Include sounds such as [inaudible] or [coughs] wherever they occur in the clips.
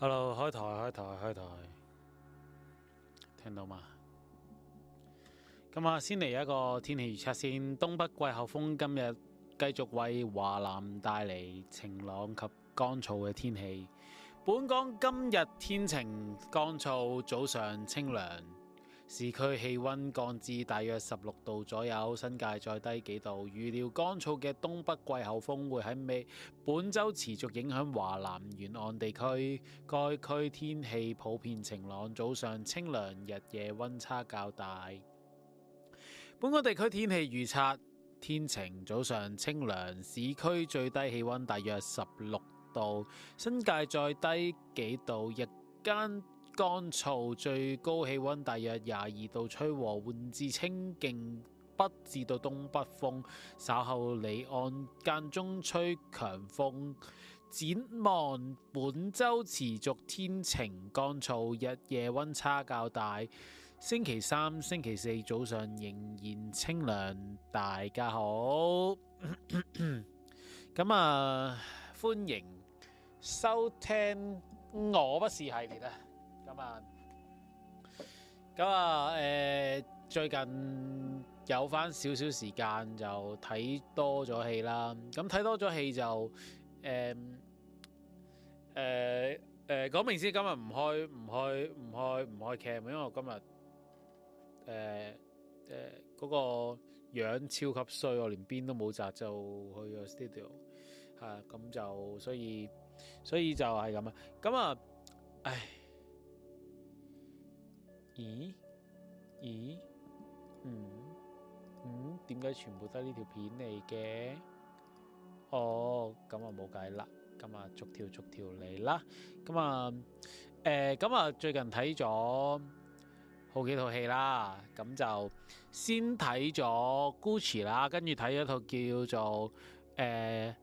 hello，開台開台開台，開台聽到嘛？咁啊，先嚟一個天氣預測先。東北季候風今日繼續為華南帶嚟晴朗及乾燥嘅天氣。本港今日天晴，乾燥，早上清涼。市區氣溫降至大約十六度左右，新界再低幾度。預料乾燥嘅東北季候風會喺未本周持續影響華南沿岸地區，該區天氣普遍晴朗，早上清涼，日夜溫差較大。本港地區天氣預測：天晴，早上清涼，市區最低氣溫大約十六度，新界再低幾度，日間。乾燥，最高氣溫大約廿二度，吹和緩至清勁北至到東北風。稍後離岸間中吹強風。展望本周持續天晴乾燥，日夜溫差較大。星期三、星期四早上仍然清涼。大家好，咁 [coughs] 啊，歡迎收聽我不是系列啊！咁啊，咁啊，誒，最近有返少少時間就睇多咗戲啦。咁睇多咗戲就，誒，誒，誒，講明先，今日唔開，唔開，唔開，唔開 cam，因為我今日，誒，誒，嗰個樣超級衰，我連邊都冇紮就去咗 studio，吓，咁就所以，所以就係咁啊。咁啊，唉。咦？咦？嗯嗯，點解全部都係呢條片嚟嘅？哦，咁啊冇計啦，咁啊逐條逐條嚟啦。咁啊誒，咁啊最近睇咗好幾套戲啦，咁就先睇咗《Gucci》啦，跟住睇咗套叫做《誒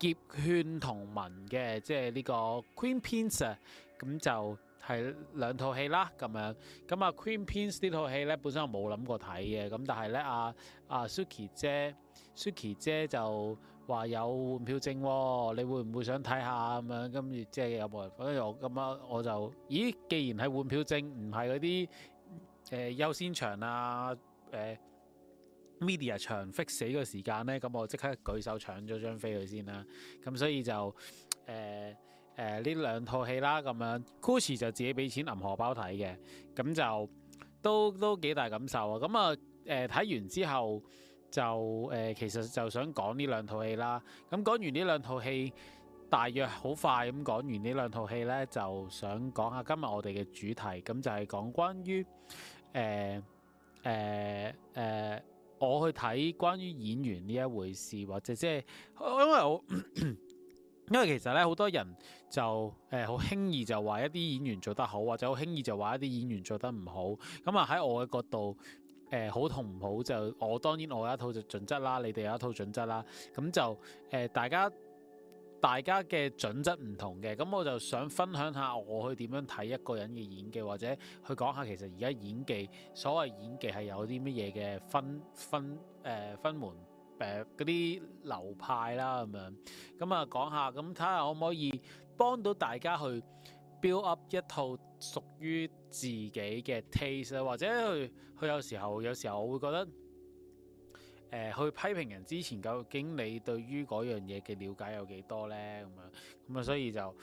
劫券同文》嘅，即係呢個《Queen Pins》咁就。係兩套戲啦，咁樣咁啊《Queen Pins》呢套戲咧，本身我冇諗過睇嘅，咁但係咧阿啊，啊 Suki 姐，Suki 姐就話有換票證、哦，你會唔會想睇下咁樣？跟住即係有冇人？所以我今日我就咦，既然係換票證，唔係嗰啲誒優先場啊，誒、呃、media 場 fix 死個時間咧，咁我即刻舉手搶咗張飛佢先啦。咁所以就誒。呃誒呢兩套戲啦，咁樣 Kush 就自己俾錢揼荷包睇嘅，咁就都都幾大感受啊！咁啊誒睇完之後就誒其實就想講呢兩套戲啦。咁講完呢兩套戲，大約好快咁講完呢兩套戲咧，就想講下今日我哋嘅主題，咁就係講關於誒誒誒我去睇關於演員呢一回事，或者即係因為我 [coughs] 因為其實咧好多人。就誒好輕易就話一啲演員做得好，或者好輕易就話一啲演員做得唔好。咁啊喺我嘅角度，誒、呃、好同唔好就我當然我有一套就準則啦，你哋有一套準則啦。咁就誒、呃、大家大家嘅準則唔同嘅，咁我就想分享下我去點樣睇一個人嘅演技，或者去講下其實而家演技所謂演技係有啲乜嘢嘅分分誒、呃、分門誒嗰啲流派啦咁樣。咁啊講下，咁睇下我可唔可以，幫到大家去 build up 一套屬於自己嘅 taste 啊，或者去去有時候有時候我會覺得，誒、呃、去批評人之前，究竟你對於嗰樣嘢嘅了解有幾多咧？咁樣咁啊，所以就誒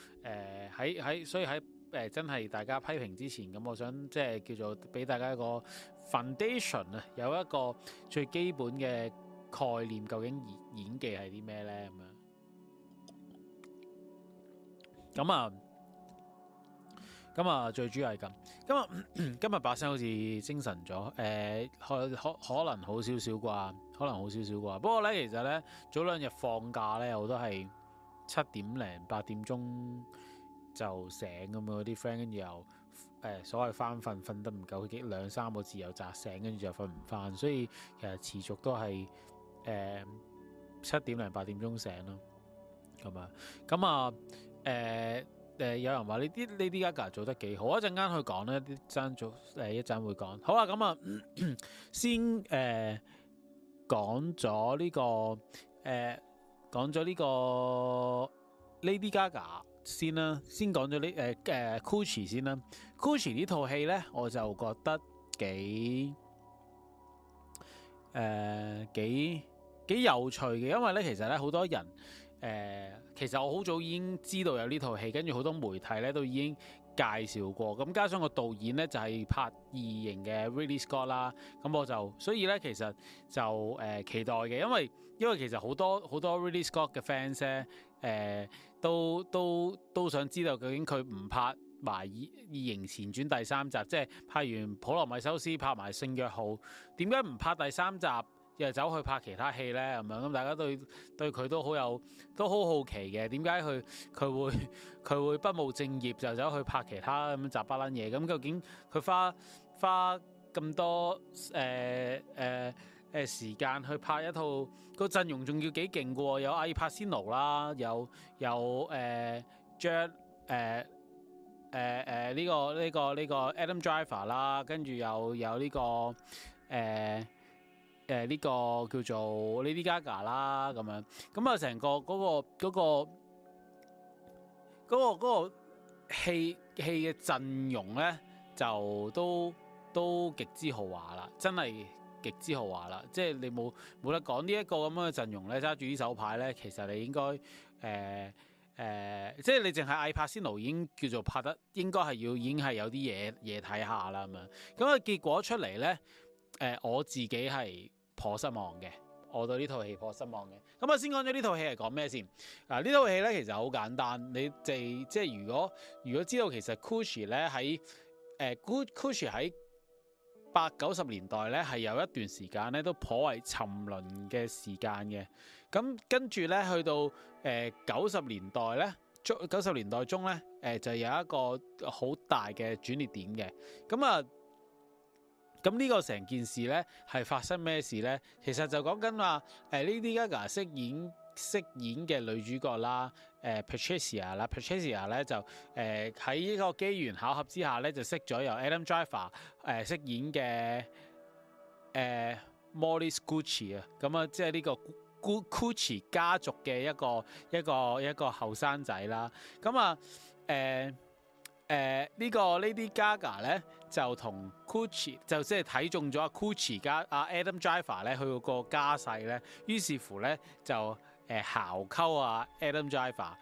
喺喺，所以喺誒、呃、真係大家批評之前，咁我想即係叫做俾大家一個 foundation 啊，有一個最基本嘅概念，究竟演演技係啲咩咧？咁樣。咁啊，咁啊，最主要係咁。今日今日把聲好似精神咗，誒、欸，可可可能好少少啩，可能好少少啩。不過咧，其實咧，早兩日放假咧，我都係七點零八點鐘就醒咁啊。啲 friend 跟住又誒，所謂翻瞓，瞓得唔夠，幾兩三個字又扎醒，跟住就瞓唔翻，所以其實持續都係誒、呃、七點零八點鐘醒咯，咁啊，咁啊。誒誒、呃呃，有人話呢啲 Lady Gaga 做得幾好，一陣間去講咧，啲生組誒一陣會講。好啦，咁啊，咳咳先誒講咗呢個誒講咗呢個 Lady Gaga 先啦，先講咗、呃、呢誒誒 Gucci 先啦。Gucci 呢套戲咧，我就覺得幾誒、呃、幾幾有趣嘅，因為咧其實咧好多人誒。呃其實我好早已經知道有呢套戲，跟住好多媒體咧都已經介紹過。咁加上個導演咧就係、是、拍《異形》嘅 Ridley Scott 啦，咁我就所以咧其實就誒、呃、期待嘅，因為因為其實好多好多 Ridley Scott 嘅 fans 咧誒都都都想知道究竟佢唔拍埋異形前傳第三集，即係拍完普羅米修斯拍埋聖約號，點解唔拍第三集？又走去拍其他戲咧，咁樣咁大家對對佢都好有都好好奇嘅，點解佢佢會佢會不務正業就走去拍其他咁雜不拉嘢？咁、嗯、究竟佢花花咁多誒誒誒時間去拍一套、個陣容，仲要幾勁嘅喎？有阿爾帕仙奴啦，有有誒約誒誒誒呢個呢、這個呢、這個 Adam Driver 啦，跟住又有呢、這個誒。呃誒，呢、呃，這個叫做 Lady Gaga 啦，咁樣，咁啊，成個嗰、那個嗰、那個嗰、那個、那個戲戲嘅陣容咧，就都都極之豪華啦，真係極之豪華啦！即係你冇冇得講呢一個咁樣嘅陣容咧，揸住呢手牌咧，其實你應該誒誒，即係你淨係艾柏先奴已經叫做拍得，應該係要已經係有啲嘢嘢睇下啦，咁樣。咁啊，結果出嚟咧。誒、呃、我自己係頗失望嘅，我對呢套戲頗失望嘅。咁、嗯、啊，先講咗呢套戲係講咩先？嗱，呢套戲咧其實好簡單，你哋，即係如果如果知道其實 Gucci 咧喺誒 Gucci 喺八九十年代咧係有一段時間咧都頗為沉淪嘅時間嘅。咁、嗯、跟住咧去到誒九十年代咧中，九十年代中咧誒、呃、就有一個好大嘅轉捩點嘅。咁、嗯、啊～、呃咁呢個成件事咧，係發生咩事咧？其實就講緊話，Lady Gaga 飾演飾演嘅女主角啦，誒、呃、Patricia 啦、呃、Patricia 咧、呃、就誒喺呢個機緣巧合之下咧、呃，就識咗由 Adam Driver 誒、呃、飾演嘅誒 Maurizio Gucci 啊，咁、呃、啊，即、呃、係、呃這個、呢個 Gucci 家族嘅一個一個一個後生仔啦。咁啊，誒誒呢個 Lady Gaga 咧。就同 Gucci 就即係睇中咗阿 Gucci 家阿 Adam Driver 咧，佢嗰個家世咧，於是乎咧就誒姣溝啊 Adam Driver。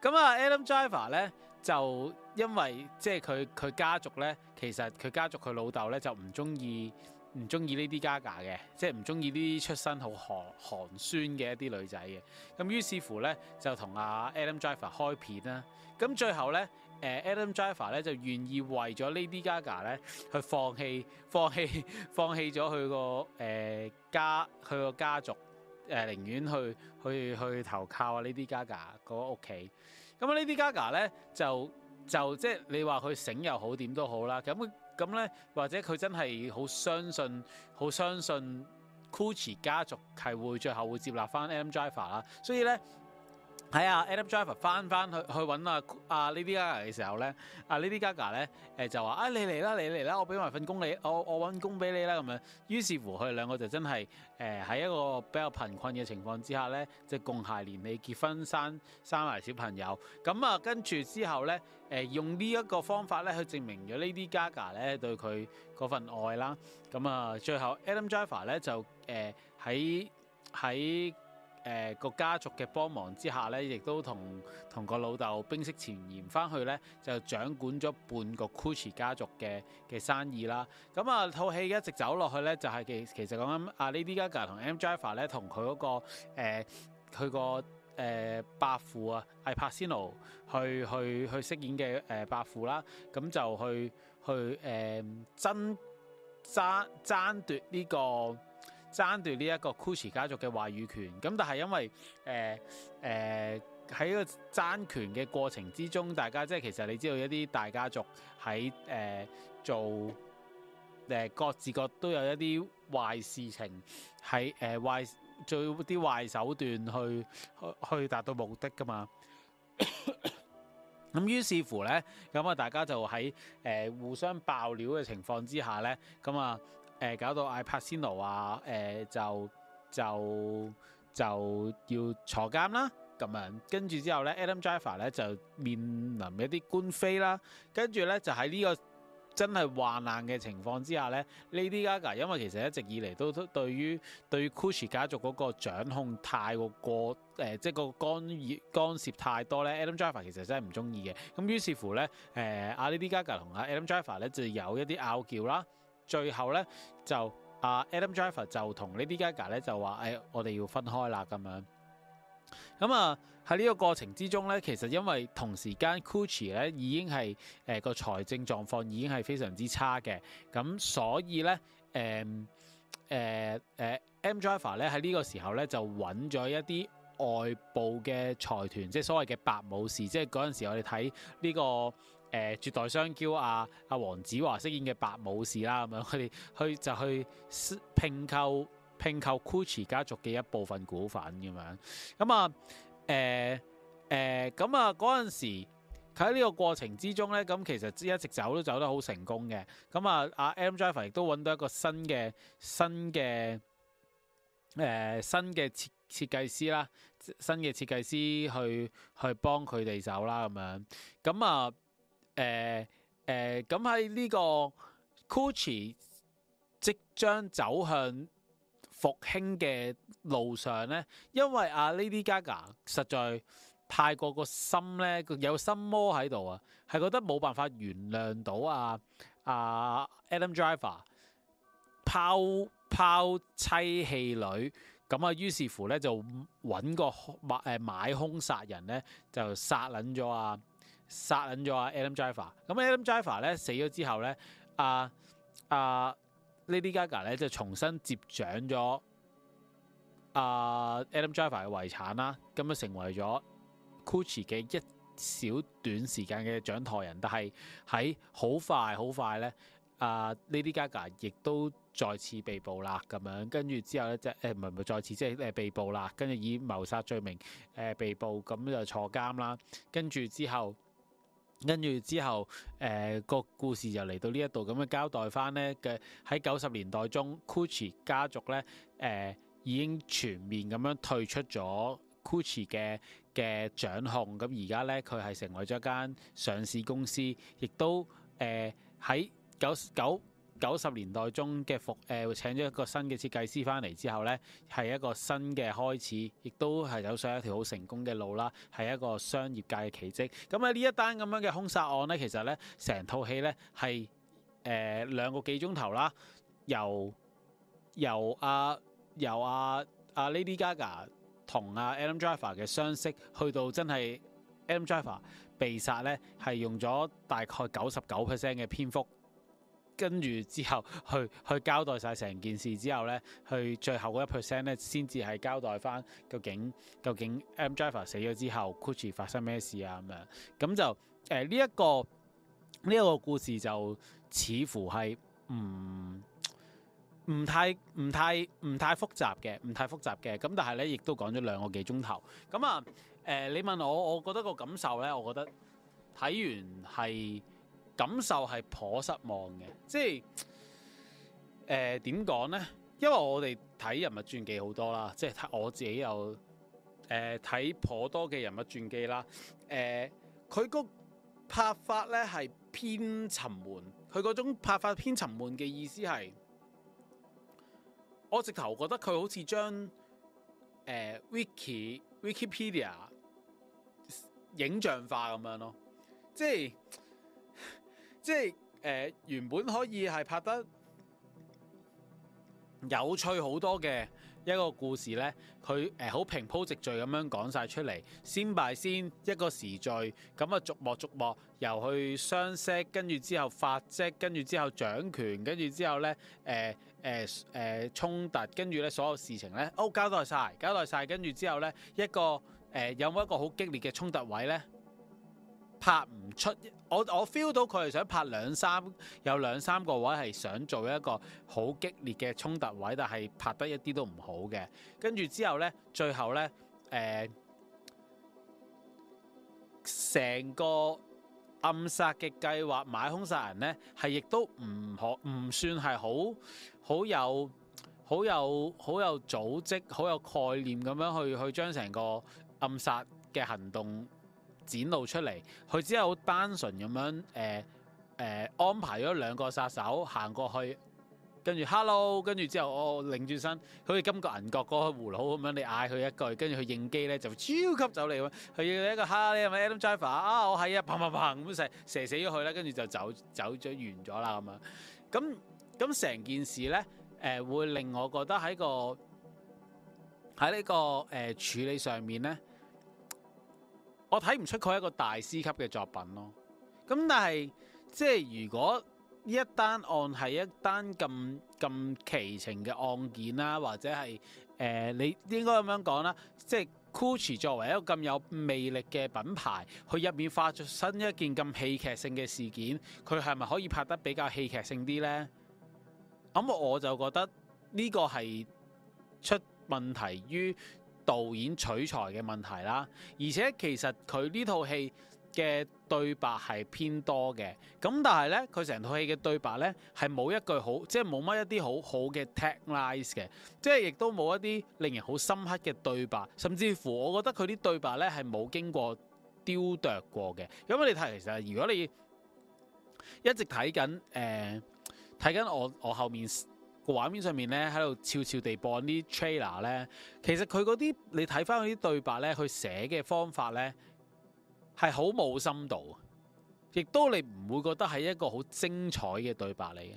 咁啊 Adam Driver 咧就因為即係佢佢家族咧，其實佢家族佢老豆咧就唔中意唔中意呢啲 Gaga 嘅，即係唔中意呢啲出身好寒寒酸嘅一啲女仔嘅。咁於是乎咧就同阿 Adam Driver 開片啦。咁最後咧。誒 Adam Driver 咧就願意為咗 Lady Gaga 咧，去放棄放棄放棄咗佢個誒家佢個家族誒，寧願去去去投靠啊 Lady Gaga 個屋企。咁啊 Lady Gaga 咧就就即係你話佢醒又好點都好啦。咁咁咧，或者佢真係好相信好相信 Gucci 家族係會最後會接納返 Adam Driver 啦。所以咧。喺阿 Adam Driver 翻翻去去揾阿阿 Lady Gaga 嘅時候咧，阿 Lady Gaga 咧誒就話啊，你嚟啦，你嚟啦，我俾埋份工你，我我揾工俾你啦咁樣。於是乎佢哋兩個就真係誒喺一個比較貧困嘅情況之下咧，即、就、係、是、共偕連理結婚生生埋小朋友。咁啊跟住之後咧，誒、啊、用呢一個方法咧去證明咗 Lady Gaga 咧對佢嗰份愛啦。咁啊最後 Adam Driver 咧就誒喺喺。呃誒個、呃、家族嘅幫忙之下咧，亦都同同個老豆冰釋前嫌翻去咧，就掌管咗半個 Gucci 家族嘅嘅生意啦。咁啊套戲一直走落去咧，就係、是、其其實講緊阿 Lady Gaga 同 M Driver 咧，同佢嗰個佢、呃那個誒、呃、伯父啊艾帕仙奴去去去，去飾演嘅誒、呃、伯父啦。咁就去去誒、呃、爭爭爭奪呢、這個。爭奪呢一個 Gucci 家族嘅話語權，咁但係因為誒誒喺個爭權嘅過程之中，大家即係其實你知道一啲大家族喺誒、呃、做誒各自各都有一啲壞事情喺誒、呃、壞做啲壞手段去去去達到目的㗎嘛。咁 [coughs] 於是乎咧，咁啊大家就喺誒、呃、互相爆料嘅情況之下咧，咁啊～誒、呃、搞到艾帕仙奴啊！誒、呃、就就就要坐監啦咁樣，跟住之後咧，Adam Driver 咧就面臨一啲官非啦。跟住咧就喺呢個真係患難嘅情況之下咧，Lady Gaga 因為其實一直以嚟都對於對於 Kush 家族嗰個掌控太過過即係、呃就是、個干干涉太多咧。Adam Driver 其實真係唔中意嘅。咁於是乎咧，誒、呃、阿 Lady Gaga 同阿 Adam Driver 咧就有一啲拗撬啦。最後咧就阿 Adam Driver 就同 Lady Gaga 咧就話：，誒、哎、我哋要分開啦咁樣。咁啊喺呢個過程之中咧，其實因為同時間 Gucci 咧已經係誒個財政狀況已經係非常之差嘅，咁所以咧誒誒誒 Adam Driver 咧喺呢個時候咧就揾咗一啲外部嘅財團，即係所謂嘅白武士，即係嗰陣時我哋睇呢個。誒，絕代雙驕啊，阿黃子華飾演嘅白武士啦，咁樣佢哋去就去拼購拼購 Gucci 家族嘅一部分股份咁樣，咁啊，誒、呃、誒，咁啊嗰陣時喺呢個過程之中咧，咁其實一直走都走得好成功嘅，咁啊，阿 M Driver 亦都揾到一個新嘅新嘅誒新嘅設設計師啦，新嘅設計師去去幫佢哋走啦，咁樣，咁啊。誒誒，咁喺呢個 Gucci 即將走向復興嘅路上咧，因為阿 Lady Gaga 實在太過個心咧，有心魔喺度啊，係覺得冇辦法原諒到啊。阿、啊、Adam Driver 拋拋妻棄女，咁啊，於是乎咧就搵個買誒買兇殺人咧，就殺捻咗啊！殺緊咗啊！Adam Driver 咁，Adam Driver 咧死咗之後咧，啊、呃、啊、呃、Lady Gaga 咧就重新接掌咗啊、呃、Adam Driver 嘅遺產啦，咁樣成為咗 Gucci 嘅一小短時間嘅掌舵人。但係喺好快好快咧，啊、呃、Lady Gaga 亦都再次被捕啦，咁樣跟住之後咧即係唔係唔係再次即係誒被捕啦，跟住以謀殺罪名誒、呃、被捕，咁就坐監啦。跟住之後。跟住之後，誒、呃、個故事就嚟到呢一度，咁嘅交代翻咧嘅，喺九十年代中 Gucci 家族咧誒、呃、已經全面咁樣退出咗 Gucci 嘅嘅掌控，咁而家咧佢係成為咗間上市公司，亦都誒喺九九。呃九十年代中嘅服誒請咗一個新嘅設計師翻嚟之後咧，係一個新嘅開始，亦都係走上一條好成功嘅路啦，係一個商業界嘅奇跡。咁、嗯、啊呢一單咁樣嘅凶殺案咧，其實咧成套戲咧係誒兩個幾鐘頭啦，由由阿、啊、由阿、啊、阿、啊、Lady Gaga 同阿、啊、Adam Driver 嘅相識去到真係 Adam Driver 被殺咧，係用咗大概九十九 percent 嘅篇幅。跟住之後，去去交代晒成件事之後咧，去最後嗰一 percent 咧，先至係交代翻究竟究竟 M.Java 死咗之後，Gucci 發生咩事啊咁樣。咁就誒呢一個呢一個故事就似乎係唔唔太唔太唔太，太複雜嘅，唔太複雜嘅。咁但係咧，亦都講咗兩個幾鐘頭。咁啊誒，你問我，我覺得個感受咧，我覺得睇完係。感受係頗失望嘅，即係誒點講呢？因為我哋睇人物傳記好多啦，即係我自己有誒睇、呃、頗多嘅人物傳記啦。誒、呃，佢個拍法咧係偏沉悶，佢嗰種拍法偏沉悶嘅意思係，我直頭覺得佢好似將誒、呃、Wiki、Wikipedia 影像化咁樣咯，即係。即係誒、呃，原本可以係拍得有趣好多嘅一個故事呢，佢誒好平鋪直敘咁樣講晒出嚟，先拜先一個時序，咁啊逐幕逐幕由去相識，跟住之後發跡，跟住之後掌權，跟住之後呢誒誒誒衝突，跟住呢所有事情呢。哦交代晒，交代晒，跟住之後呢一個誒、呃，有冇一個好激烈嘅衝突位呢？拍唔出，我我 feel 到佢係想拍兩三有兩三個位係想做一個好激烈嘅衝突位，但係拍得一啲都唔好嘅。跟住之後咧，最後咧，誒、呃，成個暗殺嘅計劃買凶殺人咧，係亦都唔可唔算係好好有好有好有好有組織好有概念咁樣去去將成個暗殺嘅行動，展露出嚟，佢只係好單純咁樣誒誒安排咗兩個殺手行過去，跟住 hello，跟住之後我擰轉身，好似金角銀角嗰個葫蘆咁樣，你嗌佢一句，跟住佢應機咧就超級走嚟，佢要一個 hello，你係咪 Adam Driver 啊？我係啊，砰砰砰咁射射死咗佢啦，跟住就走走咗完咗啦咁樣！咁咁成件事咧誒、呃，會令我覺得喺個喺呢個誒、呃、處理上面咧。我睇唔出佢係一個大師級嘅作品咯。咁但係，即係如果呢一單案係一單咁咁奇情嘅案件啦，或者係誒、呃，你應該咁樣講啦，即係 Gucci 作為一個咁有魅力嘅品牌，佢入面發出新一件咁戲劇性嘅事件，佢係咪可以拍得比較戲劇性啲呢？咁、嗯、我就覺得呢個係出問題於。導演取材嘅問題啦，而且其實佢呢套戲嘅對白係偏多嘅，咁但係呢，佢成套戲嘅對白呢，係冇一句好，即係冇乜一啲好好嘅 tag lines 嘅，即係亦都冇一啲令人好深刻嘅對白，甚至乎我覺得佢啲對白呢，係冇經過雕琢過嘅。咁你睇，其實如果你一直睇緊誒，睇緊，呃，我我後面。個畫面上面咧，喺度悄悄地播啲 trailer 咧。其實佢嗰啲你睇返嗰啲對白咧，佢寫嘅方法咧係好冇深度，亦都你唔會覺得係一個好精彩嘅對白嚟嘅。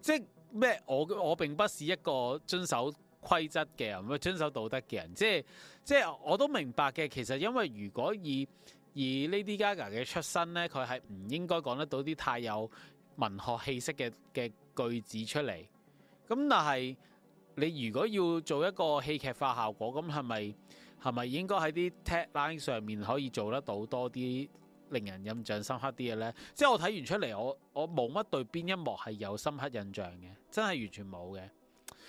即係咩？我我並不是一個遵守規則嘅人，遵守道德嘅人。即係即係我都明白嘅。其實因為如果以以 Lady Gaga 嘅出身咧，佢係唔應該講得到啲太有文學氣息嘅嘅句子出嚟。咁但係你如果要做一個戲劇化效果，咁係咪係咪應該喺啲 tagline 上面可以做得到多啲令人印象深刻啲嘅呢？即係我睇完出嚟，我我冇乜對邊一幕係有深刻印象嘅，真係完全冇嘅。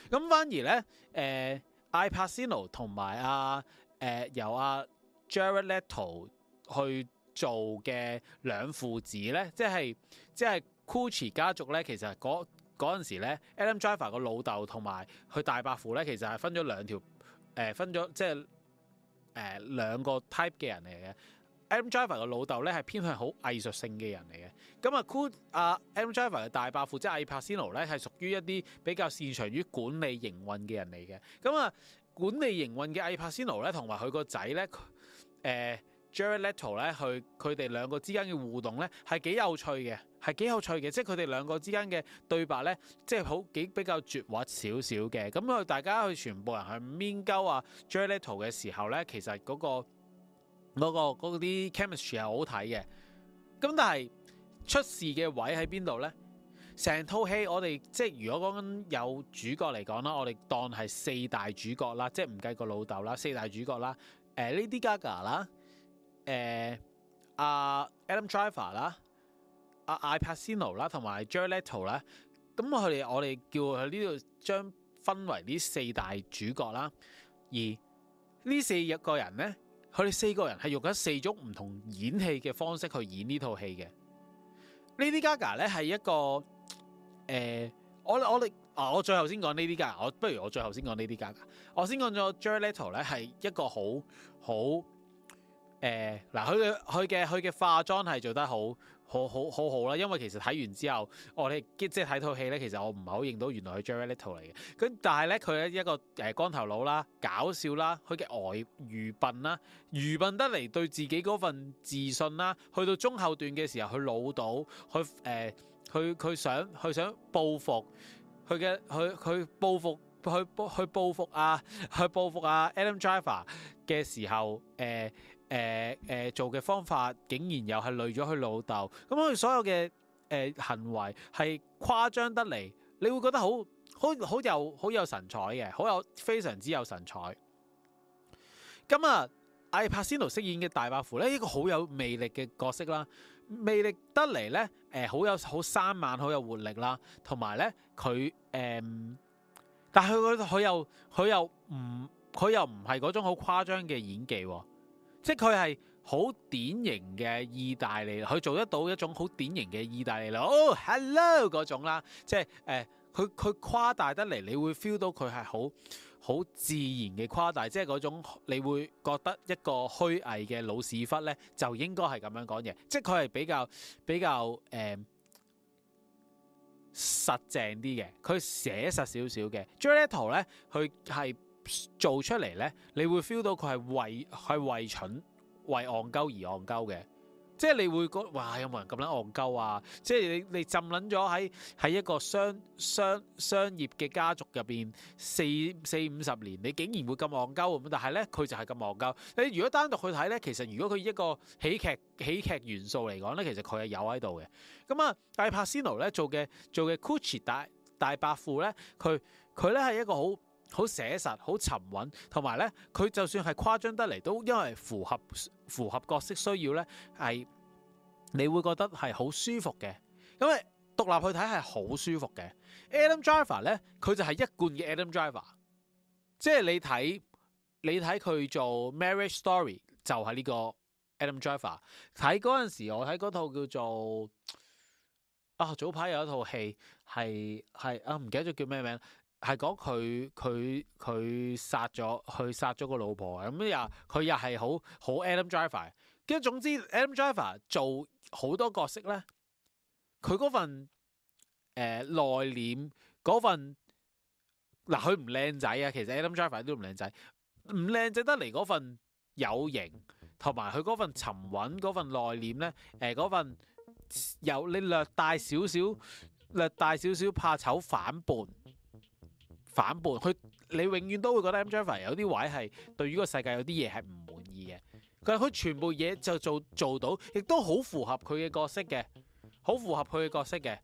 咁反而呢咧，誒、呃，艾帕西諾同埋啊，誒由阿 Jared Leto 去做嘅兩父子呢，即係即係 Gucci 家族呢，其實嗰嗰陣時咧 Adam Driver 個老豆同埋佢大伯父咧，其實係分咗兩條誒、呃，分咗即係誒、呃、兩個 type 嘅人嚟嘅。Adam Driver 個老豆咧係偏向好藝術性嘅人嚟嘅，咁啊，Cool Adam Driver 嘅大伯父即係艾帕仙奴咧係屬於一啲比較擅長於管理營運嘅人嚟嘅。咁啊，管理營運嘅艾帕仙奴咧同埋佢個仔咧，誒、呃。Jared Leto 咧，佢佢哋兩個之間嘅互動咧，係幾有趣嘅，係幾有趣嘅，即係佢哋兩個之間嘅對白咧，即係好幾比較絕滑少少嘅。咁佢大家去全部人去面溝啊 Jared Leto 嘅時候咧，其實嗰個嗰個嗰啲 chemistry 係好睇嘅。咁但係出事嘅位喺邊度咧？成套戲我哋即係如果講緊有主角嚟講啦，我哋當係四大主角啦，即係唔計個老豆啦，四大主角啦，誒、呃、Lady Gaga 啦。誒阿 Adam Driver 啦，阿 Al Pacino 啦，同埋 Jared Leto 咧，咁佢哋我哋叫佢呢度將分為呢四大主角啦。而呢四日個人咧，佢哋四個人係用緊四種唔同演戲嘅方式去演呢套戲嘅。Lady Gaga 咧係一個誒，我我哋啊，我最後先講 Lady Gaga，不如我最後先講 Lady Gaga。我先講咗 Jared Leto 咧係一個好好。誒，嗱佢佢嘅佢嘅化妝係做得好,好,好，好好好好啦。因為其實睇完之後，我哋即係睇套戲咧，其實我唔係好認到原來係 Jared Leto 嚟嘅。咁但係咧，佢係一個誒光頭佬啦，搞笑啦，佢嘅呆愚笨啦，愚笨得嚟，對自己嗰份自信啦，去到中後段嘅時候，佢老到，佢誒，佢佢想去想報復，佢嘅佢佢報復，去去報復啊，去報復啊，Adam Driver 嘅時候，誒。誒誒、呃呃，做嘅方法竟然又係累咗佢老豆，咁佢所有嘅誒、呃、行為係誇張得嚟，你會覺得好好好有好有神采嘅，好有非常之有神采。咁啊，艾帕仙奴飾演嘅大伯父咧，一個好有魅力嘅角色啦，魅力得嚟咧，誒好有好生猛，好有，有活力啦，同埋咧佢誒，但係佢佢又佢又唔佢又唔係嗰種好誇張嘅演技。即佢係好典型嘅意大利，佢做得到一種好典型嘅意大利佬哦，hello 嗰種啦，即係誒，佢佢誇大得嚟，你會 feel 到佢係好好自然嘅誇大，即係嗰種你會覺得一個虛偽嘅老屎忽咧，就應該係咁樣講嘢，即係佢係比較比較誒、呃、實淨啲嘅，佢寫實少少嘅，將呢套咧佢係。做出嚟咧，你會 feel 到佢係為係為蠢為戇鳩而戇鳩嘅，即係你會覺得哇有冇人咁撚戇鳩啊！即係你你浸撚咗喺喺一個商商商業嘅家族入邊四四五十年，你竟然會咁戇鳩咁，但係咧佢就係咁戇鳩。你如果單獨去睇咧，其實如果佢一個喜劇喜劇元素嚟講咧，其實佢係有喺度嘅。咁啊，大帕仙奴咧做嘅做嘅庫奇大大伯父咧，佢佢咧係一個好。好寫實，好沉穩，同埋咧，佢就算係誇張得嚟，都因為符合符合角色需要咧，係你會覺得係好舒服嘅。因為，獨立去睇係好舒服嘅。Adam Driver 咧，佢就係一貫嘅 Adam Driver，即係你睇你睇佢做 Marriage Story 就係呢個 Adam Driver。睇嗰陣時，我睇嗰套叫做啊，早排有一套戲係係啊，唔記得咗叫咩名。係講佢佢佢殺咗佢殺咗個老婆。咁又佢又係好好 Adam Driver。跟住總之 Adam Driver 做好多角色咧，佢嗰份誒內斂嗰份嗱，佢唔靚仔啊。其實 Adam Driver 都唔靚仔，唔靚仔得嚟，嗰份有型，同埋佢嗰份沉穩嗰份內斂咧。誒、呃，嗰份有、呃、你略帶少少略帶少少怕醜反叛。反叛，佢你永遠都會覺得 Adam Driver 有啲位係對於個世界有啲嘢係唔滿意嘅。佢佢全部嘢就做做到，亦都好符合佢嘅角色嘅，好符合佢嘅角色嘅，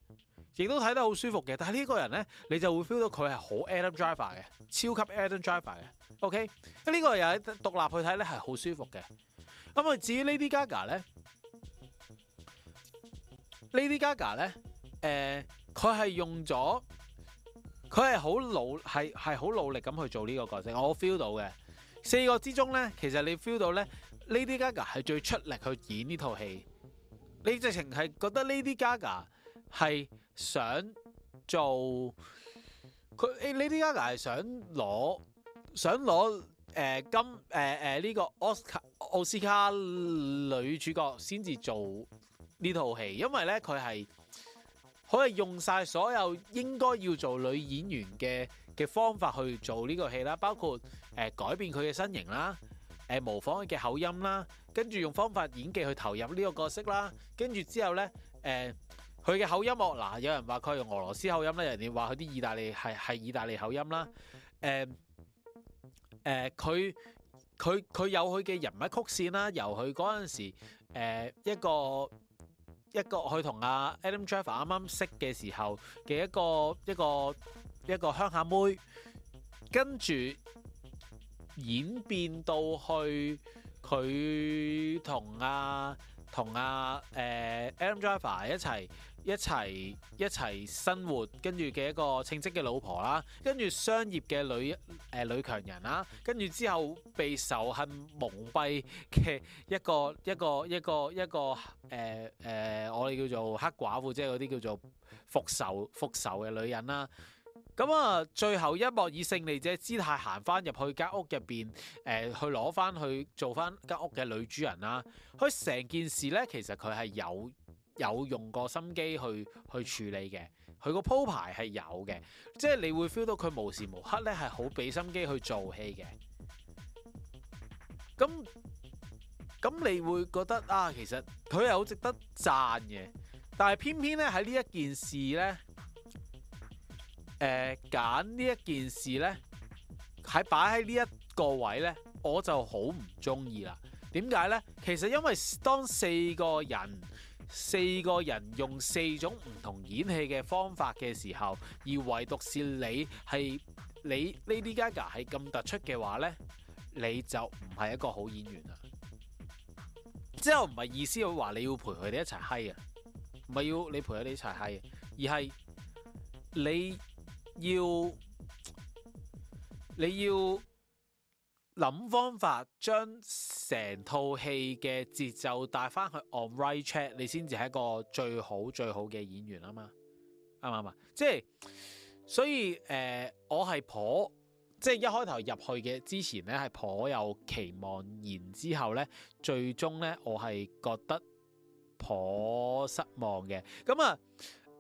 亦都睇得好舒服嘅。但係呢個人咧，你就會 feel 到佢係好 Adam Driver 嘅，超級 Adam Driver 嘅。OK，呢個又獨立去睇咧係好舒服嘅。咁啊，至於 Lady Gaga 咧，Lady Gaga 咧，誒、呃，佢係用咗。佢係好努係係好努力咁去做呢個角色，我 feel 到嘅四個之中咧，其實你 feel 到咧 Lady Gaga 係最出力去演呢套戲，你直情係覺得 Lady Gaga Lady Gaga 係想做佢，誒 Lady Gaga 係想攞想攞誒金誒誒呢個奧斯卡奧斯卡女主角先至做呢套戲，因為咧佢係。佢係用晒所有應該要做女演員嘅嘅方法去做呢個戲啦，包括誒、呃、改變佢嘅身形啦，誒、呃、模仿佢嘅口音啦，跟住用方法演技去投入呢個角色啦，跟住之後咧誒佢嘅口音，我、呃、嗱有人話佢用俄羅斯口音咧，有人哋話佢啲意大利係係意大利口音啦，誒誒佢佢佢有佢嘅人物曲線啦，由佢嗰陣時、呃、一個。一個去同阿 Adam Driver 啱啱識嘅時候嘅一個一個一個鄉下妹，跟住演變到去佢同阿同阿誒 Adam Driver 一齊。一齊一齊生活，跟住嘅一個稱職嘅老婆啦，跟住商業嘅女誒、呃、女強人啦，跟住之後被仇恨蒙蔽嘅一個一個一個一個誒誒、呃呃，我哋叫做黑寡婦，即係嗰啲叫做復仇復仇嘅女人啦。咁啊，最後一幕以勝利者姿態行翻入去間屋入邊，誒、呃、去攞翻去做翻間屋嘅女主人啦。佢、啊、成件事咧，其實佢係有。有用過心機去去處理嘅，佢個鋪排係有嘅，即係你會 feel 到佢無時無刻咧，係好畀心機去做戲嘅。咁咁，你會覺得啊，其實佢係好值得讚嘅。但係偏偏咧，喺呢一件事咧，誒揀呢一件事咧，喺擺喺呢一個位咧，我就好唔鍾意啦。點解咧？其實因為當四個人。四個人用四種唔同演戲嘅方法嘅時候，而唯獨是你係你 Lady Gaga 係咁突出嘅話呢，你就唔係一個好演員啦。之後唔係意思佢話你要陪佢哋一齊嗨啊，唔係要你陪佢哋一齊嗨，而係你要你要。你要諗方法將成套戲嘅節奏帶翻去 on right track 你先至係一個最好最好嘅演員啊嘛，啱唔啱？即係所以誒、呃，我係頗即係一開頭入去嘅之前咧係頗有期望，然之後咧最終咧我係覺得頗失望嘅。咁啊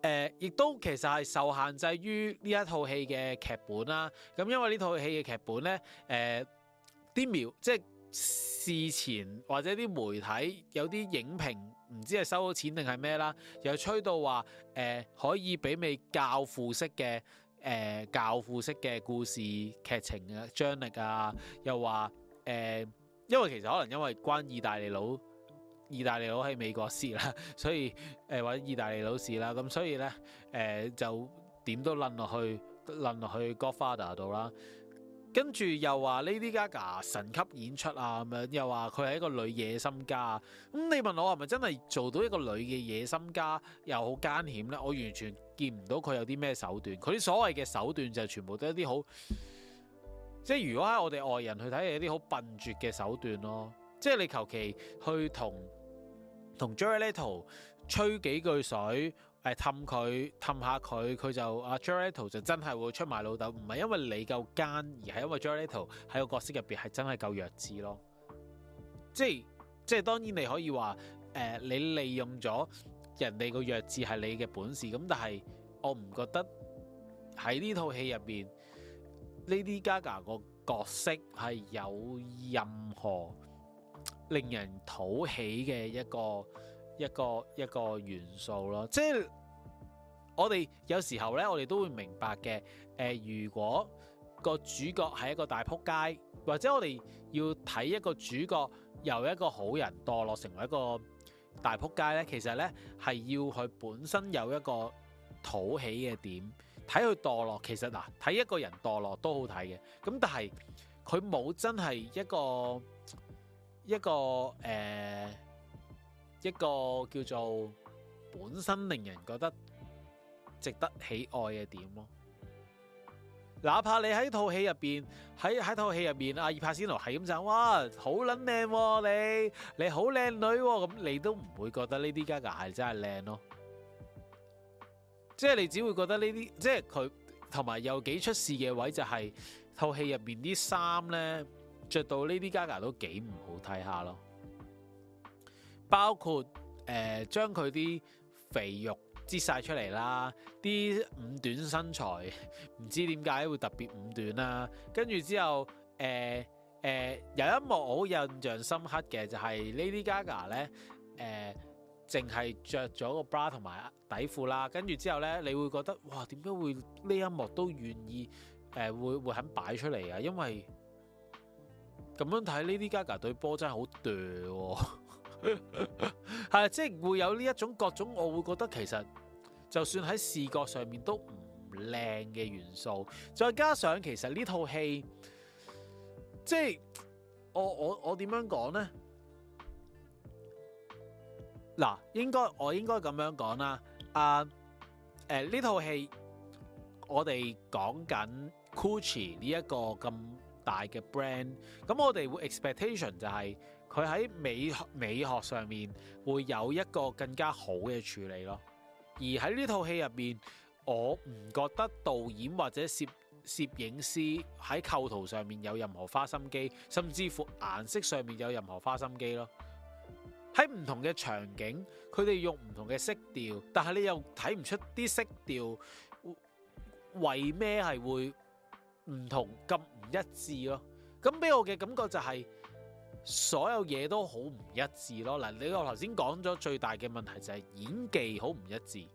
誒，亦、呃、都其實係受限制於呢一套戲嘅劇本啦、啊。咁因為套戲呢套戲嘅劇本咧誒。呃啲苗即係事前或者啲媒體有啲影評唔知係收到錢定係咩啦，又吹到話誒、呃、可以媲美教父式嘅誒、呃、教父式嘅故事劇情嘅張力啊，又話誒、呃，因為其實可能因為關意大利佬意大利佬喺美國事啦，所以或者、呃、意大利佬事啦，咁所以咧誒、呃、就點都攆落去攆落去 Godfather 度啦。跟住又話 Lady Gaga 神級演出啊咁樣，又話佢係一個女野心家。咁、嗯、你問我係咪真係做到一個女嘅野心家又好艱險咧？我完全見唔到佢有啲咩手段。佢啲所謂嘅手段就全部都係一啲好，即係如果喺我哋外人去睇係一啲好笨拙嘅手段咯。即係你求其去同同 Jared Leto 吹幾句水。係氹佢，氹下佢，佢就阿 Joelito 就真係會出埋老豆，唔係因為你夠奸，而係因為 Joelito 喺個角色入邊係真係夠弱智咯。即係即係當然你可以話誒、呃，你利用咗人哋個弱智係你嘅本事，咁但係我唔覺得喺呢套戲入邊 Lady Gaga 個角色係有任何令人討喜嘅一個。一個一個元素咯，即係我哋有時候咧，我哋都會明白嘅。誒、呃，如果個主角係一個大撲街，或者我哋要睇一個主角由一個好人墮落成為一個大撲街咧，其實咧係要佢本身有一個討起嘅點。睇佢墮落，其實嗱，睇一個人墮落都好睇嘅。咁但係佢冇真係一個一個誒。呃一個叫做本身令人覺得值得喜愛嘅點咯，哪怕你喺套戲入邊，喺喺套戲入邊，阿爾帕西諾係咁就哇，好撚靚你，你好靚女喎，咁你都唔會覺得呢啲 Gaga 係真係靚咯，即係你只會覺得呢啲，即係佢同埋有幾出事嘅位就係套戲入面啲衫咧，着到呢啲 Gaga 都幾唔好睇下咯。包括誒、呃、將佢啲肥肉擠晒出嚟啦，啲五短身材唔知點解會特別五短啦。跟住之後誒誒、呃呃、有一幕我好印象深刻嘅，就係、是、Lady Gaga 咧誒，淨係着咗個 bra 同埋底褲啦。跟住之後咧，你會覺得哇，點解會呢一幕都願意誒、呃、會會肯擺出嚟啊？因為咁樣睇 Lady Gaga 對波真係好大喎。係，即係 [laughs] 會有呢一種各種，我會覺得其實就算喺視覺上面都唔靚嘅元素，再加上其實呢套戲，即係我我我點樣講呢？嗱，應該我應該咁樣講啦。啊，誒、啊，呢套戲我哋講緊 Gucci 呢一個咁大嘅 brand，咁我哋會 expectation 就係、是。佢喺美美學上面會有一個更加好嘅處理咯，而喺呢套戲入面，我唔覺得導演或者攝攝影師喺構圖上面有任何花心機，甚至乎顏色上面有任何花心機咯。喺唔同嘅場景，佢哋用唔同嘅色調，但係你又睇唔出啲色調為咩係會唔同咁唔一致咯？咁俾我嘅感覺就係……所有嘢都好唔一致咯。嗱，你我頭先講咗最大嘅問題就係演技好唔一致。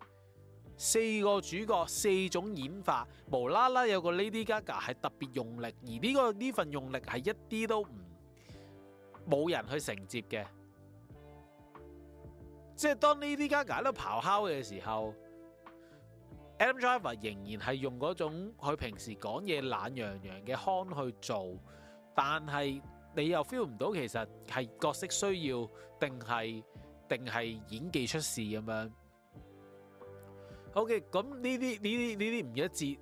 四個主角四種演法，無啦啦有個 Lady Gaga 係特別用力，而呢個呢份用力係一啲都唔冇人去承接嘅。即係當 Lady Gaga 都咆哮嘅時候，Adam Driver 仍然係用嗰種佢平時講嘢懶洋洋嘅腔去做，但係。你又 feel 唔到其實係角色需要定係定係演技出事咁樣？OK，咁呢啲呢啲呢啲唔一致，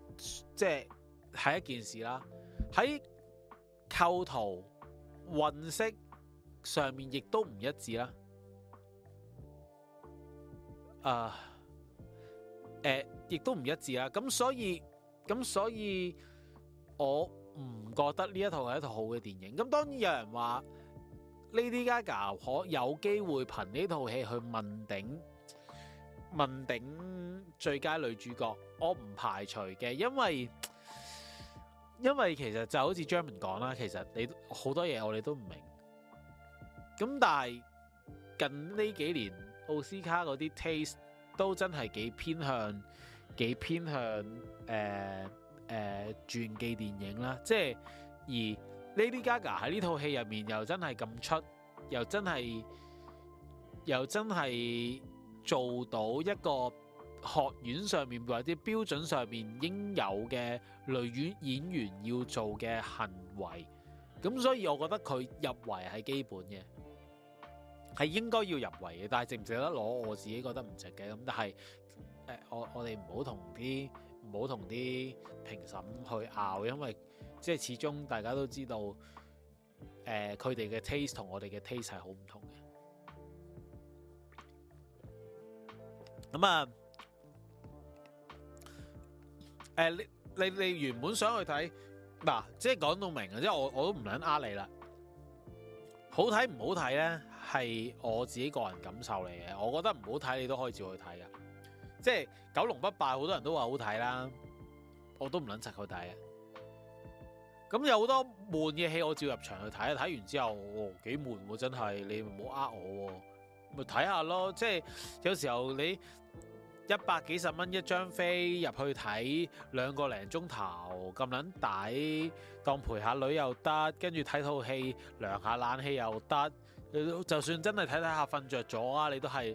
即係係一件事啦。喺構圖、運色上面亦都唔一致啦。啊、uh，呃，誒，亦都唔一致啦。咁所以，咁所以，我。唔覺得呢一套係一套好嘅電影。咁當然有人話 Lady Gaga 可有機會憑呢套戲去問鼎問鼎最佳女主角，我唔排除嘅。因為因為其實就好似 j a m e n y 講啦，其實你好多嘢我哋都唔明。咁但係近呢幾年奧斯卡嗰啲 taste 都真係幾偏向幾偏向誒、呃誒、呃、傳記電影啦，即係而 Lady Gaga 喺呢套戲入面又真係咁出，又真係又真係做到一個學院上面或者標準上面應有嘅女演演員要做嘅行為，咁所以我覺得佢入圍係基本嘅，係應該要入圍嘅，但係值唔值得攞我自己覺得唔值嘅，咁但係、呃、我我哋唔好同啲。唔好同啲評審去拗，因為即係始終大家都知道，誒佢哋嘅 taste 同我哋嘅 taste 係好唔同嘅。咁、嗯、啊，誒、呃、你你你原本想去睇，嗱，即係講到明啊，即係我我都唔撚呃你啦。好睇唔好睇咧，係我自己個人感受嚟嘅。我覺得唔好睇，你都可以照去睇㗎。即係九龍不敗，好多人都話好睇啦，我都唔撚拆佢底。咁有好多悶嘅戲，我照入場去睇。睇完之後，我、哦、幾悶喎，啊，真係，你唔好呃我，啊。咪睇下咯，即係有時候你一百幾十蚊一張飛入去睇兩個零鐘頭咁撚抵，當陪下女又得，跟住睇套戲涼下冷氣又得。就算真係睇睇下瞓着咗啊，你都係。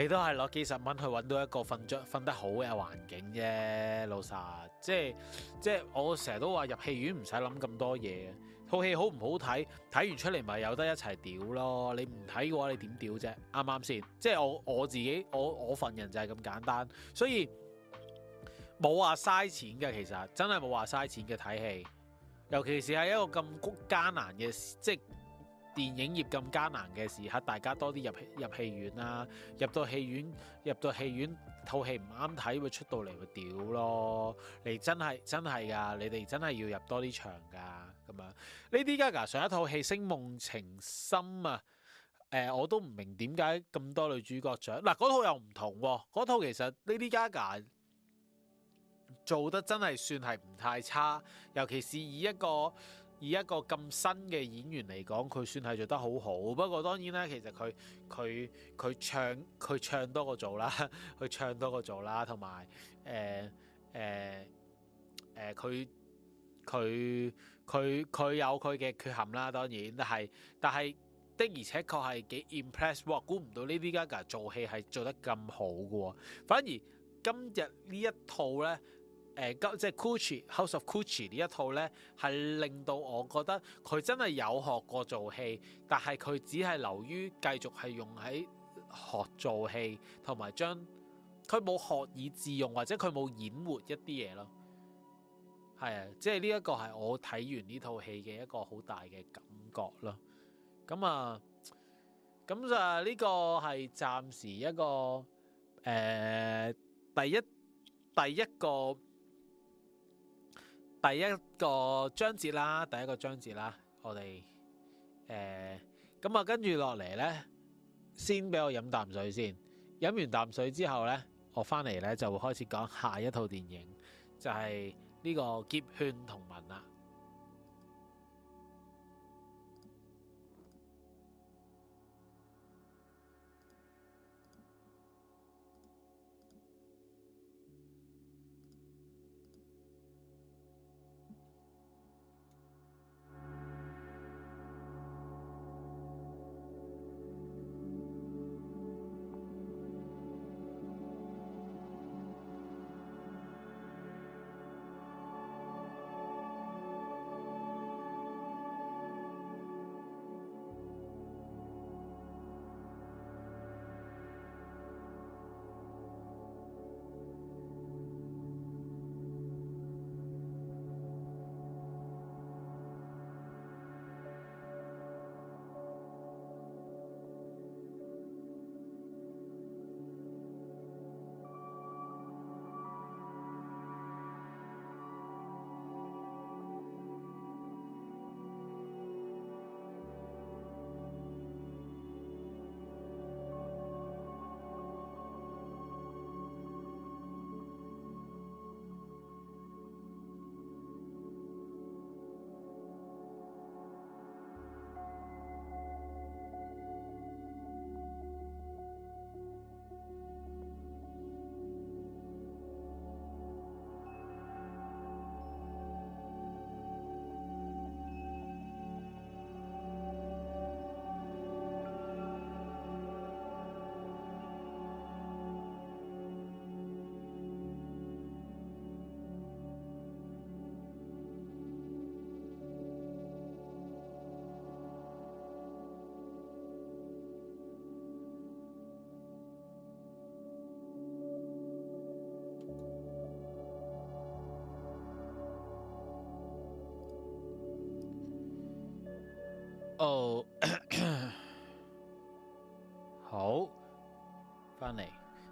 你都係攞幾十蚊去揾到一個瞓著瞓得好嘅環境啫，老實，即係即係我成日都話入戲院唔使諗咁多嘢，套戲好唔好睇，睇完出嚟咪有得一齊屌咯。你唔睇嘅話你，你點屌啫？啱唔啱先？即係我我自己，我我份人就係咁簡單，所以冇話嘥錢嘅，其實真係冇話嘥錢嘅睇戲，尤其是係一個咁谷艱難嘅即。電影業咁艱難嘅時刻，大家多啲入入戲院啊。入到戲院，入到戲院套戲唔啱睇，會出到嚟會屌咯。你真係真係㗎，你哋真係要入多啲場㗎咁樣。Lady Gaga 上一套戲《星夢情深》啊，誒，我都唔明點解咁多女主角獎。嗱、啊，嗰套又唔同喎，嗰套其實 Lady Gaga 做得真係算係唔太差，尤其是以一個。以一個咁新嘅演員嚟講，佢算係做得好好。不過當然啦，其實佢佢佢唱佢唱多過做啦，佢唱多過做啦，同埋誒誒誒，佢佢佢佢有佢嘅缺陷啦。當然，但係但係的而且確係幾 impress 我，估唔到呢啲 Gaga 做戲係做得咁好嘅喎。反而今日呢一套咧。誒，即係 Gucci House of Gucci 呢一套呢，係令到我覺得佢真係有學過做戲，但係佢只係流於繼續係用喺學做戲，同埋將佢冇學以致用，或者佢冇演活一啲嘢咯。係啊，即係呢一個係我睇完呢套戲嘅一個好大嘅感覺咯。咁啊，咁就呢個係暫時一個誒、呃、第一第一個。第一個章節啦，第一個章節啦，我哋誒咁啊，跟住落嚟咧，先俾我飲啖水先，飲完啖水之後咧，我翻嚟咧就會開始講下一套電影，就係、是、呢個《劫圈》同。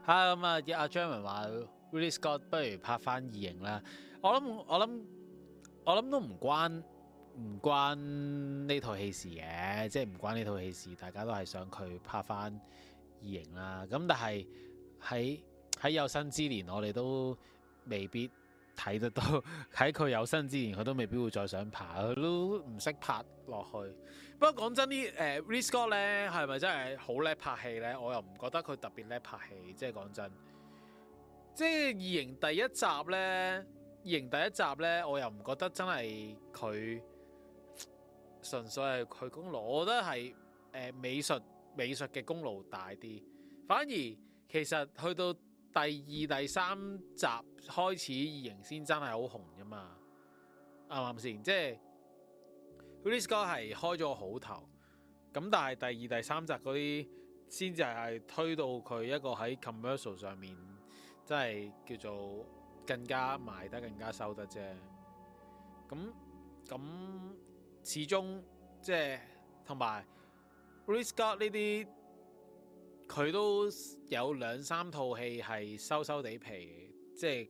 啊咁啊！阿張文話，Ridley Scott 不如拍翻異形啦。我諗我諗我諗都唔關唔關呢套戲事嘅，即係唔關呢套戲事，大家都係想佢拍翻異形啦。咁但係喺喺有生之年，我哋都未必。睇得到喺佢有生之年，佢都未必會再想拍，佢都唔識拍落去。不過講真，啲、呃、誒 Rizkot 咧係咪真係好叻拍戲咧？我又唔覺得佢特別叻拍戲，即係講真，即係二型第一集咧，二型第一集咧，我又唔覺得真係佢純粹係佢功勞，我覺得係誒、呃、美術美術嘅功勞大啲。反而其實去到。第二、第三集開始，異形先真係好紅啫嘛，啱唔啱先？即係 Risco 係開咗好頭，咁但係第二、第三集嗰啲先至係推到佢一個喺 commercial 上面，真係叫做更加賣得、更加收得啫。咁咁，始終即係同埋 Risco 呢啲。佢都有兩三套戲係收收地皮，即係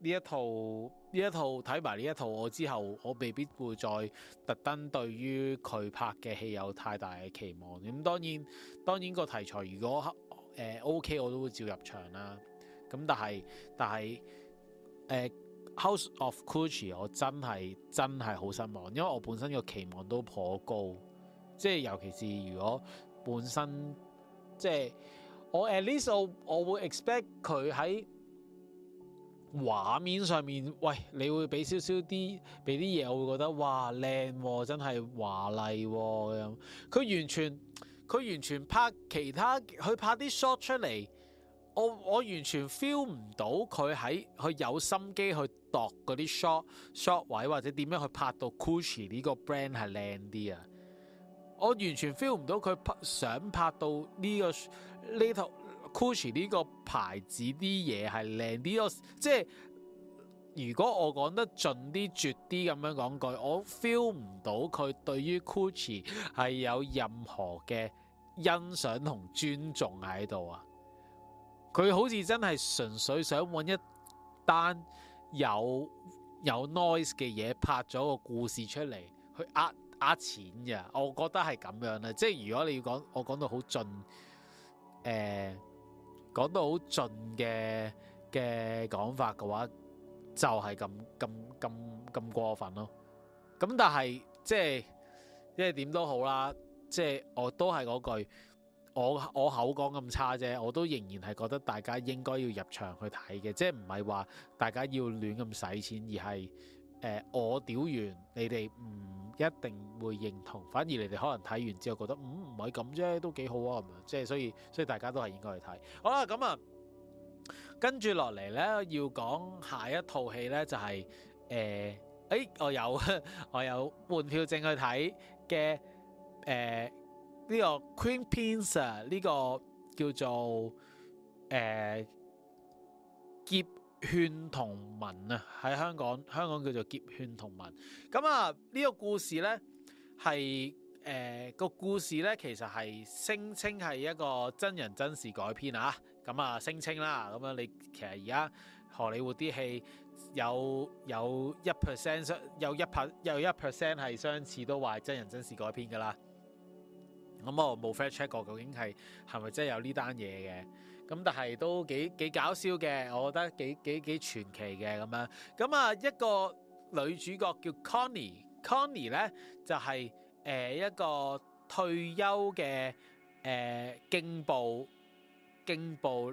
呢一套呢一套睇埋呢一套，我之後我未必會再特登對於佢拍嘅戲有太大嘅期望。咁、嗯、當然當然個題材如果誒、呃、OK，我都會照入場啦。咁但係但係誒、呃、House of Gucci，我真係真係好失望，因為我本身個期望都頗高，即係尤其是如果本身。即係我 at least 我我會 expect 佢喺畫面上面，喂，你會俾少少啲，俾啲嘢，我會覺得哇靚，哦，真係華麗，咁、嗯。佢完全佢完全拍其他，佢拍啲 shot 出嚟，我我完全 feel 唔到佢喺佢有心機去度嗰啲 shot shot 位或者點樣去拍到 Gucci 呢個 brand 係靚啲啊！我完全 feel 唔到佢拍想拍到呢，這個呢套、這個、Gucci 呢個牌子啲嘢係靚啲咯，即係如果我講得盡啲絕啲咁樣講句，我 feel 唔到佢對於 Gucci 係有任何嘅欣賞同尊重喺度啊！佢好似真係純粹想搵一單有有 noise 嘅嘢拍咗個故事出嚟去壓。呃、錢嘅，我覺得係咁樣啦，即係如果你要講，我講到好盡，誒、呃、講到好盡嘅嘅講法嘅話，就係咁咁咁咁過分咯。咁但係即係即係點都好啦，即係我都係嗰句，我我口講咁差啫，我都仍然係覺得大家應該要入場去睇嘅，即係唔係話大家要亂咁使錢，而係。誒、呃、我屌完，你哋唔一定會認同，反而你哋可能睇完之後覺得，嗯，唔係咁啫，都幾好啊，咁樣即係所以，所以大家都係應該去睇。好啦，咁啊，跟住落嚟咧，要講下一套戲咧，就係、是、誒，誒、呃哎、我有 [laughs] 我有換票證去睇嘅誒呢個 Queen Pinsa 呢個叫做誒、呃結勸同文啊，喺香港，香港叫做劫勸同文。咁、嗯、啊，呢、這個故事咧係誒個故事咧，其實係聲稱係一個真人真事改編啊。咁、嗯、啊，聲稱啦，咁、嗯、樣你其實而家荷里活啲戲有有一 percent 相，有一又一 percent 係相似，都話真人真事改編噶啦。咁、嗯、我冇 fact check 過，究竟係係咪真係有呢單嘢嘅？咁但係都幾搞笑嘅，我覺得幾幾幾傳奇嘅咁樣。咁啊，一個女主角叫 Connie，Connie 咧 Connie 就係、是呃、一個退休嘅誒、呃、競步競步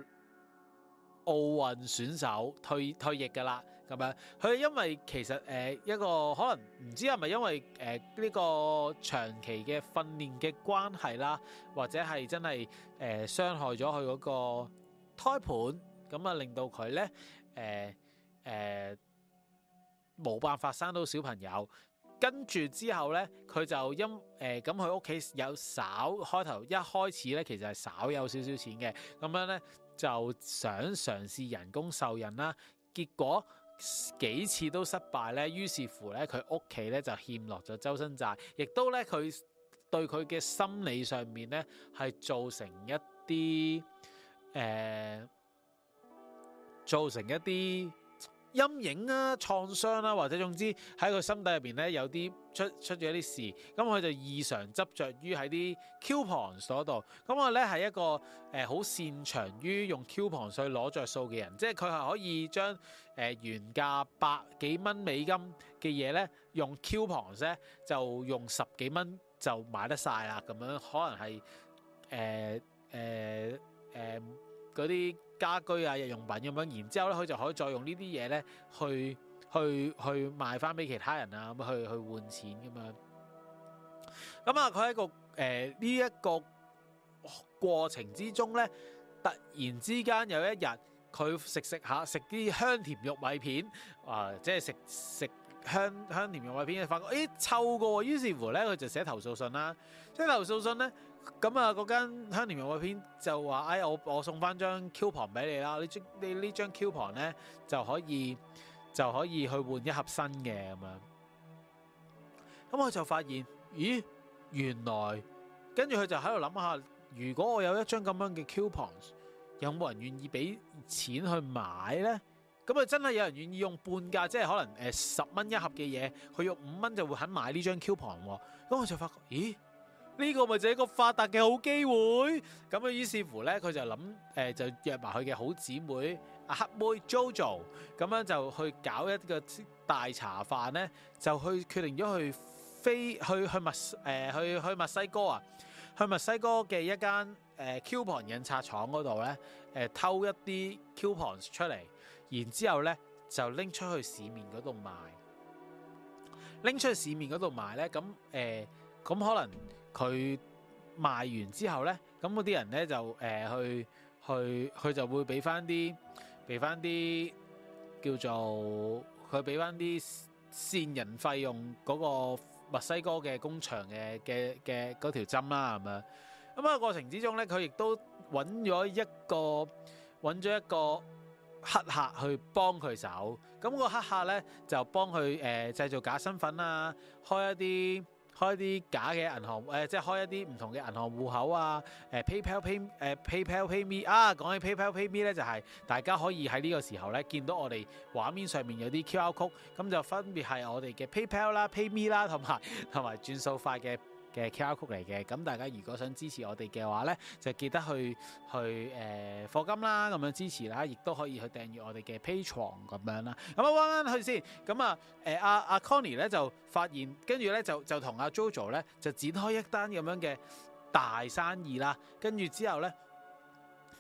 奧運選手退退役噶啦。咁樣，佢因為其實誒一個可能唔知係咪因為誒呢個長期嘅訓練嘅關係啦，或者係真係誒、呃、傷害咗佢嗰個胎盤，咁啊令到佢咧誒誒冇辦法生到小朋友。跟住之後咧，佢就因誒咁佢屋企有少開頭一開始咧，其實係少有少少錢嘅，咁樣咧就想嘗試人工受孕啦，結果，幾次都失敗咧，於是乎咧，佢屋企咧就欠落咗周身債，亦都咧佢對佢嘅心理上面咧係造成一啲誒、呃，造成一啲陰影啊、創傷啊，或者總之喺佢心底入邊咧有啲。出出咗一啲事，咁佢就異常執着於喺啲 coupon 所度。咁我咧係一個誒好、呃、擅長於用 coupon 去攞着數嘅人，即係佢係可以將誒、呃、原價百幾蚊美金嘅嘢咧，用 coupon 咧就用十幾蚊就買得晒啦。咁樣可能係誒誒誒嗰啲家居啊日用品咁樣，然之後咧佢就可以再用呢啲嘢咧去。去去賣翻俾其他人啊，咁去去換錢咁樣。咁啊，佢喺個誒呢一個過程之中咧，突然之間有一日佢食食下食啲香甜玉米片啊，即係食食香香甜玉米片，發覺誒、欸、臭過，於是乎咧佢就寫投訴信啦。即係投訴信咧，咁啊，嗰間香甜玉米片就話，哎，我我送翻張 coupon 俾你啦。你你張呢張 coupon 咧就可以。就可以去換一盒新嘅咁樣，咁我就發現，咦，原來跟住佢就喺度諗下，如果我有一張咁樣嘅 coupon，有冇人願意俾錢去買呢？咁啊，真係有人願意用半價，即係可能誒十蚊一盒嘅嘢，佢用五蚊就會肯買呢張 coupon 喎。咁我就發覺，咦，呢、這個咪就係一個發達嘅好機會。咁啊，於是乎呢，佢就諗誒、呃，就約埋佢嘅好姊妹。黑妹 JoJo 咁 jo, 樣就去搞一個大茶飯咧，就去決定咗去飛去去墨誒去去墨西哥啊，去墨西哥嘅一間誒 coupon 印刷廠嗰度咧，誒、呃、偷一啲 coupons 出嚟，然之後咧就拎出去市面嗰度賣，拎出去市面嗰度賣咧，咁誒咁可能佢賣完之後咧，咁嗰啲人咧就誒、呃、去去佢就會俾翻啲。俾翻啲叫做佢俾翻啲線人費用嗰個墨西哥嘅工場嘅嘅嘅嗰條針啦咁樣，咁啊、那個、過程之中咧，佢亦都揾咗一個揾咗一個黑客，客去幫佢手。咁個黑客咧就幫佢誒、呃、製造假身份啊，開一啲。開啲假嘅銀行，誒、呃、即係開一啲唔同嘅銀行戶口啊！誒、呃、PayPal Pay，誒 PayPal PayMe、呃、pay pay 啊，講起 PayPal PayMe 咧就係大家可以喺呢個時候咧見到我哋畫面上面有啲 QR code，咁就分別係我哋嘅 PayPal 啦、PayMe 啦，同埋同埋轉數快嘅。嘅 QR code 嚟嘅，咁大家如果想支持我哋嘅話咧，就記得去去誒課、呃、金啦，咁樣支持啦，亦都可以去訂閱我哋嘅 Patreon 咁樣啦。咁啊，彎彎去先。咁啊，誒阿阿 Conny 咧就發現，跟住咧就就同阿、啊、JoJo 咧就展開一單咁樣嘅大生意啦。跟住之後咧，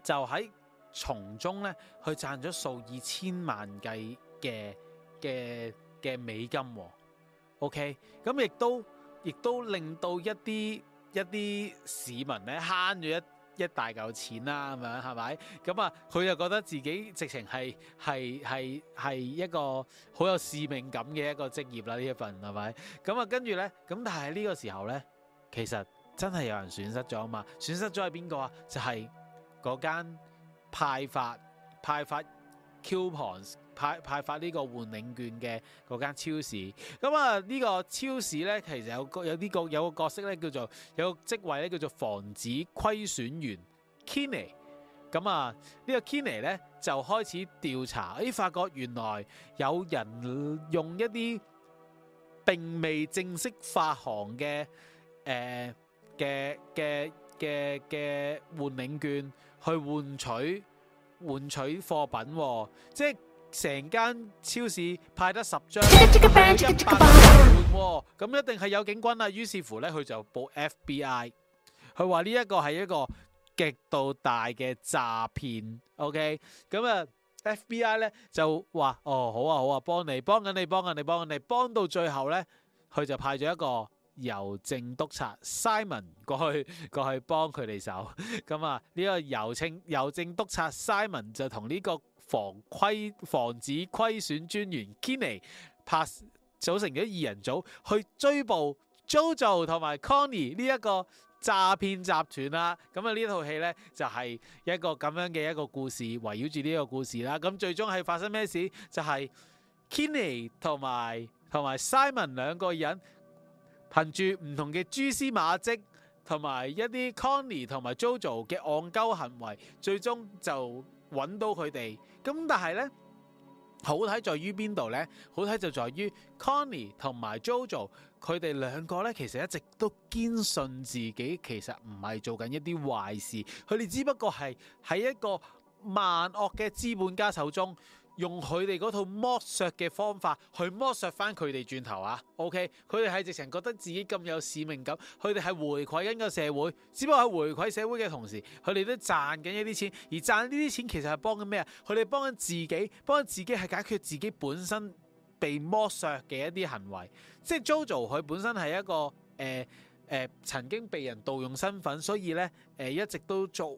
就喺從中咧去賺咗數以千萬計嘅嘅嘅美金喎、哦。OK，咁亦都。亦都令到一啲一啲市民咧慳咗一一大嚿錢啦，咁樣係咪？咁啊，佢就覺得自己直情係係係係一個好有使命感嘅一個職業啦，呢一份係咪？咁啊，跟住咧，咁但係呢個時候咧，其實真係有人損失咗啊嘛！損失咗係邊個啊？就係嗰間派發派發 coupons 派派發呢個換領券嘅嗰間超市。咁啊，呢個超市咧其實有個有啲個有個角色咧，叫做有個職位咧，叫做防止虧損員 Kenny。咁啊，呢個 Kenny 咧就開始調查，咦，發覺原來有人用一啲並未正式發行嘅誒嘅嘅嘅嘅換領券去換取換取貨品，即係。成間超市派得十張，咁一,一定係有警官啦。於是乎咧，佢就報 FBI，佢話呢一個係一個極度大嘅詐騙。OK，咁啊，FBI 咧就話哦，好啊好啊，幫你幫緊你幫緊你幫緊你，幫到最後咧，佢就派咗一個郵政督察 Simon 過去過去幫佢哋手。咁啊，呢個郵政郵政督察 Simon 就同呢、呢個。防虧防止虧損專員 Kenny 拍，組成咗二人組去追捕 Jojo 同埋 Conny 呢、就是、一個詐騙集團啦。咁啊呢套戲咧就係一個咁樣嘅一個故事，圍繞住呢個故事啦。咁、嗯、最終係發生咩事？就係、是、Kenny 同埋同埋 Simon 兩個人憑住唔同嘅蛛絲馬跡，同埋一啲 Conny 同埋 Jojo 嘅戇鳩行為，最終就揾到佢哋。咁但係咧，好睇在於邊度咧？好睇就在於 Connie 同埋 JoJo 佢哋兩個咧，其實一直都堅信自己其實唔係做緊一啲壞事，佢哋只不過係喺一個萬惡嘅資本家手中。用佢哋嗰套剝削嘅方法去剝削翻佢哋轉頭啊！OK，佢哋係直情覺得自己咁有使命感，佢哋係回饋緊個社會。只不過喺回饋社會嘅同時，佢哋都賺緊一啲錢，而賺呢啲錢其實係幫緊咩啊？佢哋幫緊自己，幫緊自己係解決自己本身被剝削嘅一啲行為。即係 Jojo，佢本身係一個誒誒、呃呃、曾經被人盜用身份，所以咧誒、呃、一直都做。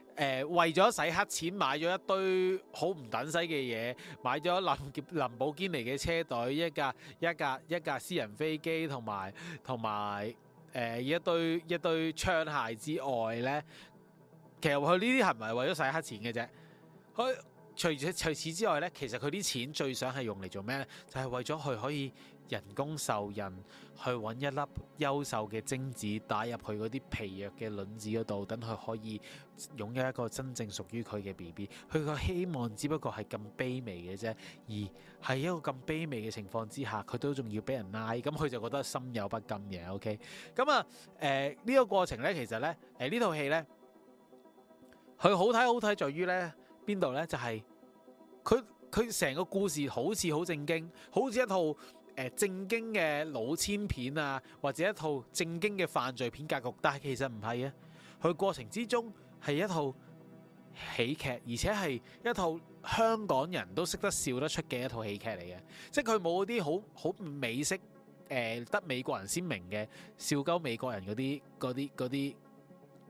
誒、呃、為咗洗黑錢買咗一堆好唔等使嘅嘢，買咗林、林寶堅尼嘅車隊，一架一架一架私人飛機，同埋同埋誒一堆一堆槍械之外呢。其實佢呢啲係咪係為咗洗黑錢嘅啫？佢除除此之外呢，其實佢啲錢最想係用嚟做咩呢？就係、是、為咗佢可以。人工受孕，去揾一粒優秀嘅精子打入去嗰啲疲弱嘅卵子嗰度，等佢可以擁有一個真正屬於佢嘅 B B。佢個希望只不過係咁卑微嘅啫，而係一個咁卑微嘅情況之下，佢都仲要俾人拉，咁佢就覺得心有不甘嘅。O K，咁啊，誒呢個過程呢，其實呢，誒呢套戲呢，佢好睇好睇在於呢邊度呢？就係佢佢成個故事好似好正經，好似一套。誒，正經嘅老千片啊，或者一套正經嘅犯罪片格局，但係其實唔係啊，佢過程之中係一套喜劇，而且係一套香港人都識得笑得出嘅一套喜劇嚟嘅，即係佢冇啲好好美式誒、呃，得美國人先明嘅笑鳩美國人嗰啲啲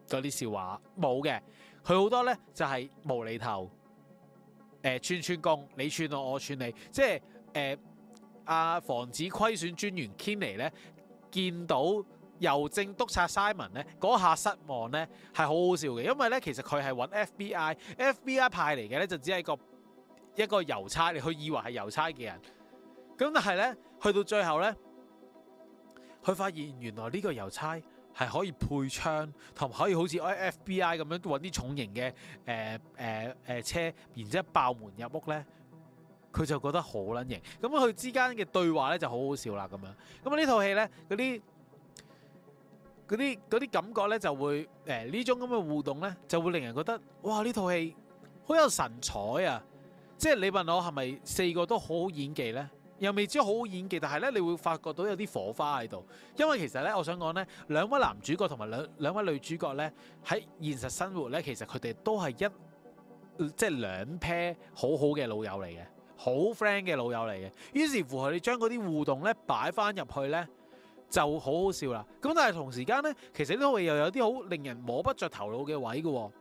啲啲笑話冇嘅，佢好多咧就係無厘頭，誒、呃，串串攻你串我我串你，即係誒。呃啊！防止虧損專員 Kenny 咧，見到郵政督察 Simon 咧，嗰下失望咧係好好笑嘅，因為咧其實佢係揾 FBI，FBI 派嚟嘅咧就只係一個一個郵差，佢以為係郵差嘅人，咁但係咧去到最後咧，佢發現原來呢個郵差係可以配槍，同可以好似 FBI 咁樣揾啲重型嘅誒誒誒車，然之後爆門入屋咧。佢就覺得好撚型，咁佢之間嘅對話咧就好好笑啦，咁樣咁啊！呢套戲咧，嗰啲嗰啲嗰啲感覺咧就會誒呢、呃、種咁嘅互動咧，就會令人覺得哇！呢套戲好有神采啊！即係你問我係咪四個都好好演技咧？又未知好好演技，但係咧你會發覺到有啲火花喺度，因為其實咧，我想講咧，兩位男主角同埋兩兩位女主角咧，喺現實生活咧，其實佢哋都係一即係兩 pair 好好嘅老友嚟嘅。好 friend 嘅老友嚟嘅，於是乎佢哋將嗰啲互動咧擺翻入去咧，就好好笑啦。咁但係同時間咧，其實都係又有啲好令人摸不着頭腦嘅位嘅、哦。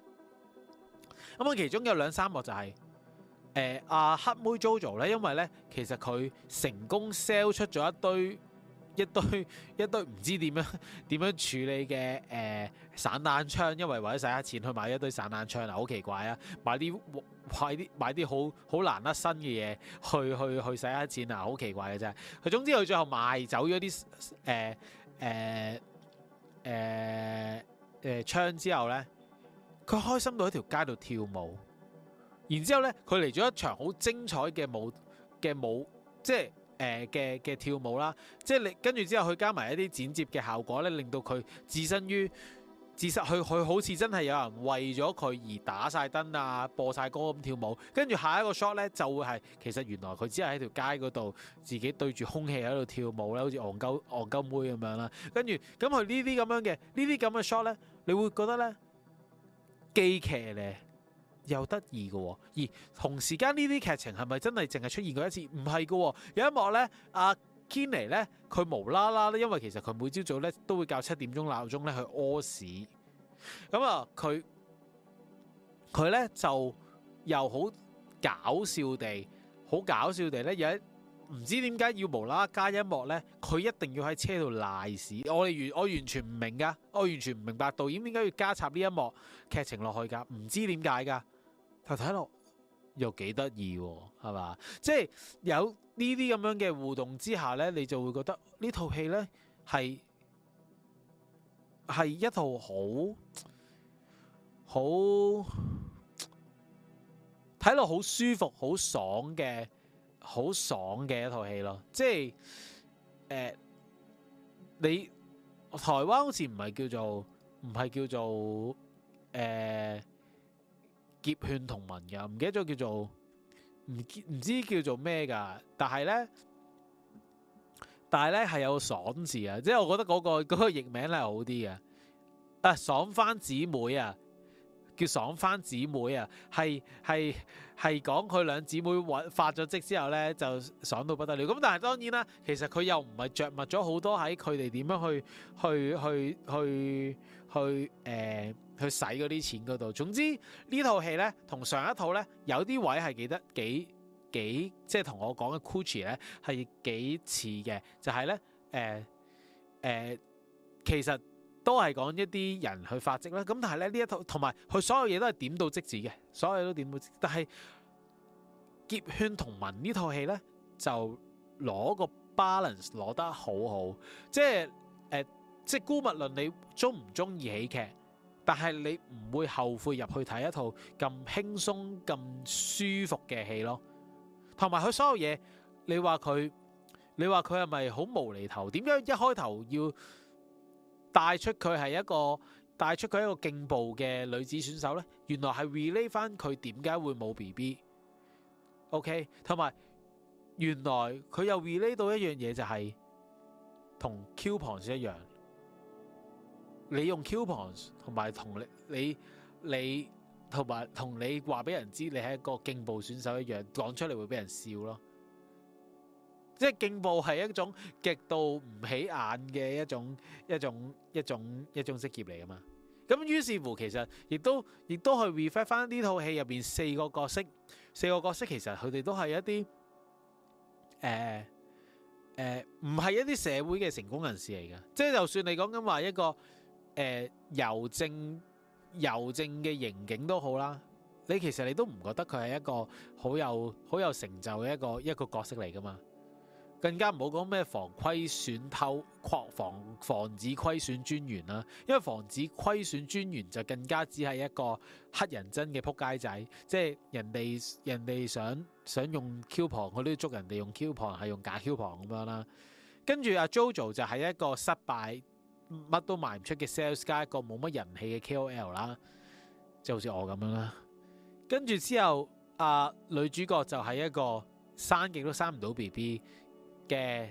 咁、嗯、啊，其中有兩三個就係、是，誒、呃、阿、啊、黑妹 JoJo 咧 jo，因為咧其實佢成功 sell 出咗一堆。一堆一堆唔知點樣點樣處理嘅誒、呃、散彈槍，因為為咗使下錢去買一堆散彈槍啊，好奇怪啊！買啲買啲買啲好好難甩身嘅嘢去去去使下錢啊，好奇怪嘅啫！佢總之佢最後賣走咗啲誒誒誒誒槍之後咧，佢開心到喺條街度跳舞，然之後咧佢嚟咗一場好精彩嘅舞嘅舞，即係。誒嘅嘅跳舞啦，即係你跟住之後佢加埋一啲剪接嘅效果咧，令到佢置身於，置身佢佢好似真係有人為咗佢而打晒燈啊，播晒歌咁跳舞，跟住下一個 shot 咧就會係其實原來佢只係喺條街嗰度自己對住空氣喺度跳舞啦，好似戇鳩戇鳩妹咁樣啦，跟住咁佢呢啲咁樣嘅呢啲咁嘅 shot 咧，你會覺得咧，幾騎咧。又得意嘅，而同時間呢啲劇情係咪真係淨係出現過一次？唔係嘅，有一幕咧，阿 Kenny 咧，佢無啦啦咧，因為其實佢每朝早咧都會較七點鐘鬧鐘咧去屙屎，咁啊佢佢咧就又好搞笑地，好搞笑地咧有一。唔知點解要無啦啦加一幕呢？佢一定要喺車度賴屎，我完我完全唔明噶，我完全唔明白導演點解要加插呢一幕劇情落去噶？唔知點解噶？但睇落又幾得意喎，係嘛？即係有呢啲咁樣嘅互動之下呢，你就會覺得呢套戲呢係係一套好好睇落好舒服、好爽嘅。好爽嘅一套戲咯，即係誒、呃，你台灣好似唔係叫做唔係叫做誒、劫、呃、勸同盟噶，唔記得咗叫做唔唔知叫做咩噶，但係咧，但係咧係有爽字啊，即係我覺得嗰、那個嗰、那個譯名咧係好啲嘅，啊爽翻姊妹啊！叫爽翻姊妹啊，係係係講佢兩姊妹發咗跡之後咧，就爽到不得了。咁但係當然啦，其實佢又唔係着墨咗好多喺佢哋點樣去去去去去誒、呃、去使嗰啲錢嗰度。總之呢套戲咧，同上一套咧，有啲位係記得幾幾即係同我講嘅 Cucci 咧係幾似嘅，就係咧誒誒其實。都係講一啲人去發跡啦。咁但係咧呢一套同埋佢所有嘢都係點到即止嘅，所有嘢都點到即止。即但係《劫圈同文》呢套戲呢，就攞個 balance 攞得好好，即係即係姑勿論你中唔中意喜劇，但係你唔會後悔入去睇一套咁輕鬆咁舒服嘅戲咯。同埋佢所有嘢，你話佢，你話佢係咪好無厘頭？點解一開頭要？帶出佢係一個帶出佢係一個勁步嘅女子選手咧，原來係 relate 翻佢點解會冇 B B，OK，同埋原來佢又 relate 到一樣嘢，就係同 coupons 一樣，你用 coupons 同埋同你你你同埋同你話俾人知你係一個勁步選手一樣講出嚟會俾人笑咯。即係競步係一種極度唔起眼嘅一種一種一種一種職業嚟噶嘛。咁於是乎，其實亦都亦都去 reflect 翻呢套戲入邊四個角色四個角色，四個角色其實佢哋都係一啲誒誒，唔係一啲社會嘅成功人士嚟噶。即係就算你講緊話一個誒郵政郵政嘅刑警都好啦，你其實你都唔覺得佢係一個好有好有成就嘅一個一個角色嚟噶嘛？更加唔好講咩防虧損偷擴防防止虧損專員啦，因為防止虧損專員就更加只係一個黑人憎嘅撲街仔，即係人哋人哋想想用 coupon，佢都捉人哋用 coupon 係用假 coupon 咁樣啦。跟住阿、啊、Jojo 就係一個失敗，乜都賣唔出嘅 sales 加一個冇乜人氣嘅 KOL 啦，即係好似我咁樣啦。跟住之後、啊，阿女主角就係一個生極都生唔到 BB 嘅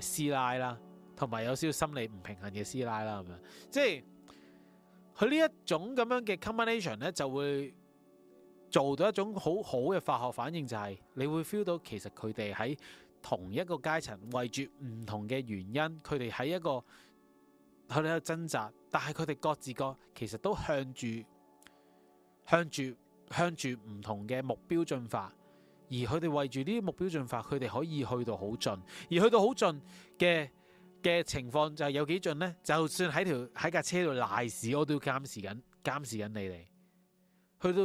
誒師奶啦，同埋、呃、有少少心理唔平衡嘅師奶啦，咁樣，即係佢呢一種咁樣嘅 combination 咧，就會做到一種好好嘅化學反應，就係、是、你會 feel 到其實佢哋喺同一個階層為住唔同嘅原因，佢哋喺一個佢哋喺度掙扎，但係佢哋各自各其實都向住向住向住唔同嘅目標進化。而佢哋為住呢啲目標進發，佢哋可以去到好盡，而去到好盡嘅嘅情況就係有幾盡呢？就算喺條喺架車度賴屎，我都監視緊，監視緊你哋。去到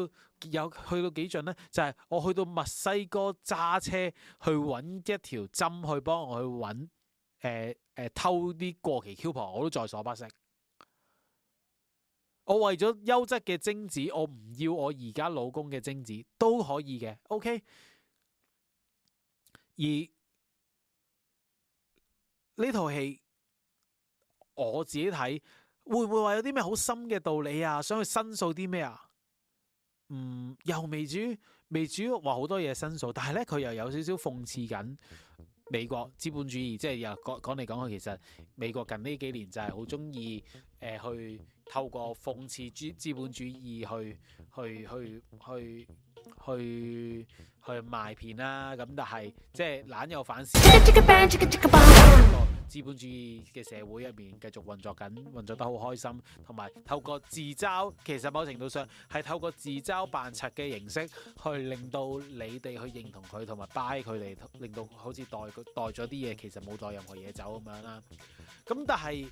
有去到幾盡呢？就係、是、我去到墨西哥揸車去搵一條針去幫我去搵誒誒偷啲過期 coupon。我都在所不惜。我為咗優質嘅精子，我唔要我而家老公嘅精子都可以嘅。OK。而呢套戲我自己睇，會唔會話有啲咩好深嘅道理啊？想去申訴啲咩啊？嗯，又未至於，未至於話好多嘢申訴，但係咧佢又有少少諷刺緊美國資本主義，即係又講講嚟講去，其實美國近呢幾年就係好鍾意。誒、呃、去透過諷刺資資本主義去去去去去去，去賣片啦，咁但係即係懶有反思。か資本主義嘅社會入面繼續運作緊，運作得好開心，同埋透過自嘲，其實某程度上係透過自嘲扮賊嘅形式，去令到你哋去認同佢，同埋 buy 佢哋，令到好似代代咗啲嘢，其實冇帶任何嘢走咁樣啦。咁但係。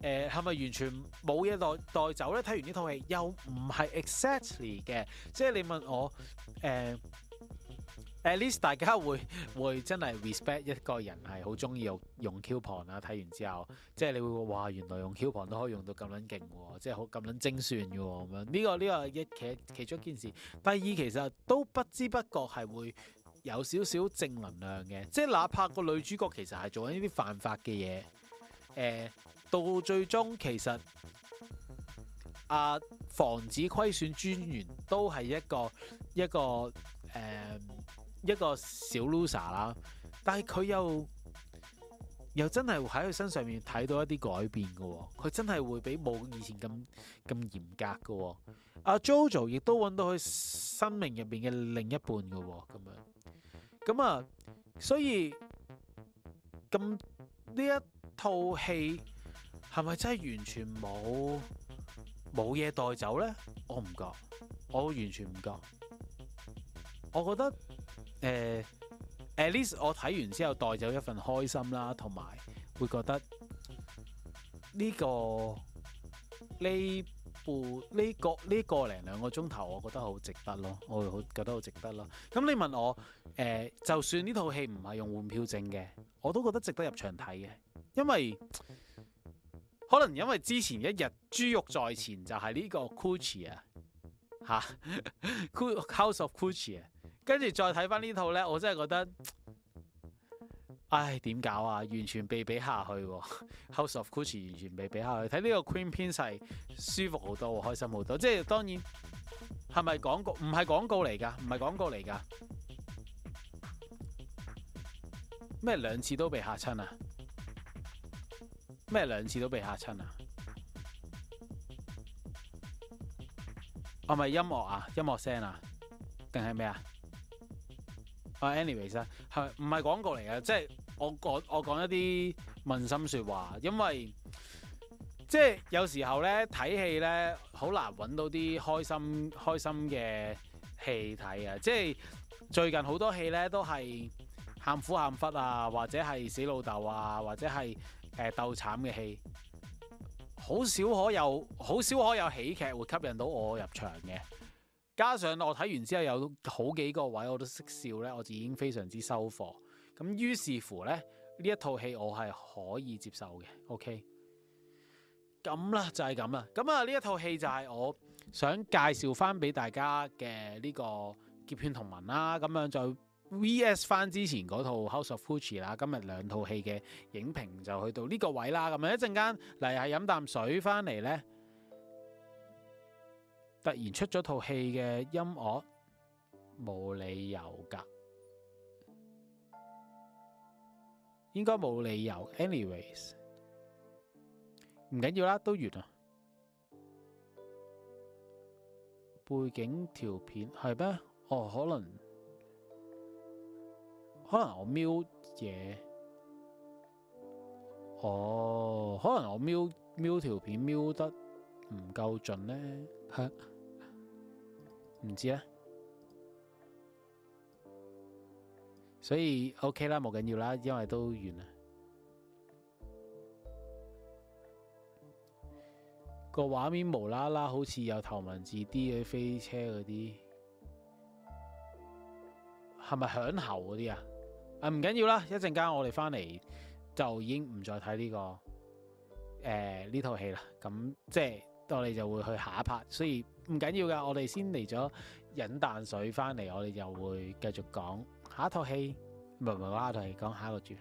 誒係咪完全冇嘢代代走咧？睇完呢套戲又唔係 exactly 嘅，即係你問我誒 at least 大家會會真係 respect 一個人係好鍾意用用 coupon 啊？睇完之後，即係你會話原來用 coupon 都可以用到咁撚勁喎，即係好咁撚精算嘅咁樣、呢個。呢、呢個呢個一其其中一件事，第二其實都不知不覺係會有少少正能量嘅，即係哪怕個女主角其實係做緊呢啲犯法嘅嘢，誒、呃。到最終其實阿防止虧損專員都係一個一個誒、呃、一個小 loser 啦，但係佢又又真係會喺佢身上面睇到一啲改變噶、哦，佢真係會比冇以前咁咁嚴格噶、哦。阿、啊、Jojo 亦都揾到佢生命入邊嘅另一半噶、哦，咁樣咁啊，所以咁呢一套戲。係咪真係完全冇冇嘢帶走咧？我唔覺，我完全唔覺。我覺得誒，at least 我睇完之後帶走一份開心啦，同埋會覺得呢個呢部呢個呢個零兩個鐘頭，我覺得好值得咯，我會好覺得好值得咯。咁你問我誒、呃，就算呢套戲唔係用換票證嘅，我都覺得值得入場睇嘅，因為。可能因為之前一日豬肉在前就係、是、呢個 Gucci 啊，吓，House of Gucci 啊，跟住再睇翻呢套咧，我真係覺得，唉點搞啊，完全被比下去，House of Gucci 完全被比下去。睇呢個 Queenpins 舒服好多，開心好多。即係當然係咪廣告？唔係廣告嚟噶，唔係廣告嚟噶。咩兩次都被嚇親啊？咩兩次都被嚇親啊？係咪音樂啊？音樂聲啊？定係咩啊？啊，anyways 啦，係唔係廣告嚟嘅？即係我講我講一啲問心説話，因為即係有時候咧睇戲咧，好難揾到啲開心開心嘅戲睇啊！即係最近好多戲咧都係喊苦喊忽啊，或者係死老豆啊，或者係。誒，鬥慘嘅戲，好少可有，好少可有喜劇會吸引到我入場嘅。加上我睇完之後有好幾個位我都識笑咧，我就已經非常之收貨。咁於是乎咧，呢一套戲我係可以接受嘅。OK，咁啦就係咁啦。咁啊呢一套戲就係我想介紹翻俾大家嘅呢個《劫騙同文》啦。咁樣就。V.S. 翻之前嗰套 House of Gucci 啦，今日兩套戲嘅影評就去到呢個位啦。咁樣一陣間嚟，係飲啖水翻嚟，呢突然出咗套戲嘅音樂，冇理由噶，應該冇理由。Anyways，唔緊要啦，都完啦。背景條片係咩？哦，可能。可能我瞄嘢，哦，可能我瞄瞄條片瞄得唔夠準呢，唔是的 知啊。所以 OK 啦，冇緊要啦，因為都完啦。個畫面無啦啦，好似有頭文字 D 嘅飛車嗰啲，係咪響喉嗰啲啊？唔緊要啦，一陣間我哋翻嚟就已經唔再睇呢、這個誒呢套戲啦。咁、呃、即係我哋就會去下一 part，所以唔緊要噶。我哋先嚟咗飲啖水翻嚟，我哋就會繼續講下一套戲，唔係唔係，話下一套戲，講下一個劇。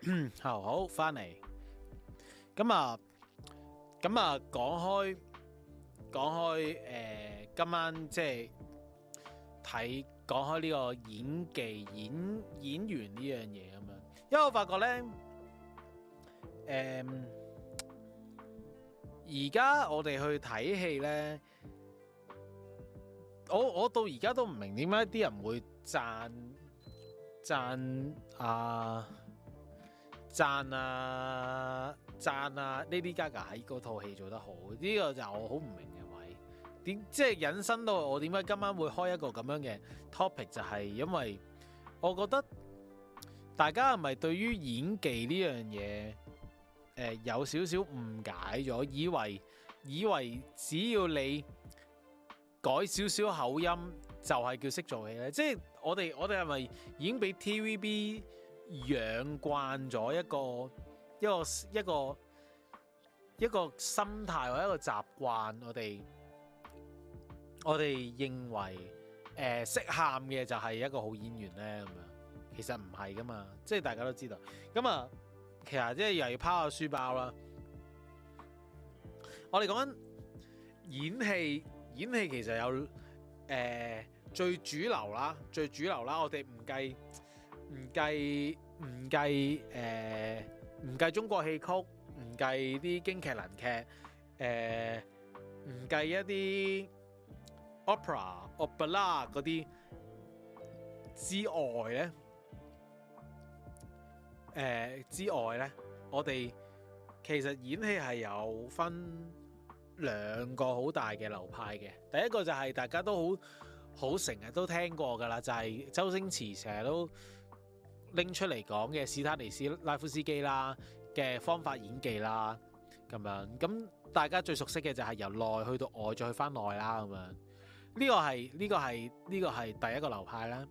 [coughs] 好，好，翻嚟。咁啊，咁啊，講開，講開，誒、呃，今晚即係睇，講開呢個演技演演員呢樣嘢咁樣，因為我發覺咧，誒、呃，而家我哋去睇戲咧，我我到而家都唔明點解啲人會讚讚啊！讚啊讚啊！Lady Gaga 喺嗰套戲做得好，呢個就我好唔明嘅位。點即係引申到我點解今晚會開一個咁樣嘅 topic？就係因為我覺得大家係咪對於演技呢樣嘢誒有少少誤解咗，以為以為只要你改少少口音就係叫識做戲咧？即係我哋我哋係咪已經俾 TVB？養慣咗一個一個一個一個心態或者一個習慣，我哋我哋認為誒、呃、識喊嘅就係一個好演員咧咁樣，其實唔係噶嘛，即係大家都知道。咁啊，其實即係又要拋下書包啦。我哋講緊演戲，演戲其實有誒、呃、最主流啦，最主流啦，我哋唔計。唔計唔計，誒唔計中國戲曲，唔計啲京劇、能劇，誒唔計一啲 opera、opera 嗰啲之外咧，誒之外咧，我哋其實演戲係有分兩個好大嘅流派嘅。第一個就係大家都好好成日都聽過㗎啦，就係周星馳成日都拎出嚟講嘅史坦尼斯拉夫斯基啦嘅方法演技啦咁樣，咁大家最熟悉嘅就係由內去到外再去翻內啦咁樣，呢、這個係呢、這個係呢、這個係第一個流派啦。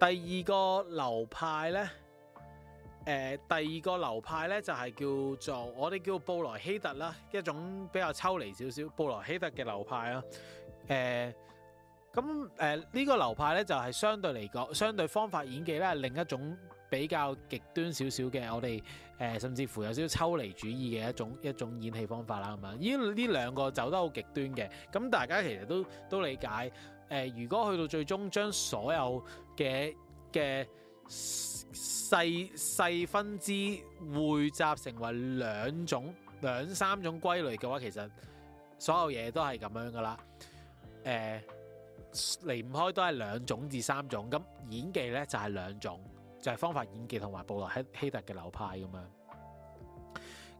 第二個流派咧，誒、呃、第二個流派咧就係、是、叫做我哋叫布萊希特啦，一種比較抽離少少布萊希特嘅流派啦，誒、呃。咁誒呢個流派咧，就係、是、相對嚟講，相對方法演技咧，另一種比較極端少少嘅，我哋誒、呃、甚至乎有少少抽離主義嘅一種一種演戲方法啦，咁、嗯、樣。依呢兩個走得好極端嘅，咁大家其實都都理解。誒、呃，如果去到最終將所有嘅嘅細細分支匯集成為兩種兩三種歸類嘅話，其實所有嘢都係咁樣噶啦。誒、呃。離唔開都係兩種至三種，咁演技咧，就係、是、兩種，就係、是、方法演技同埋布萊希特嘅流派咁樣。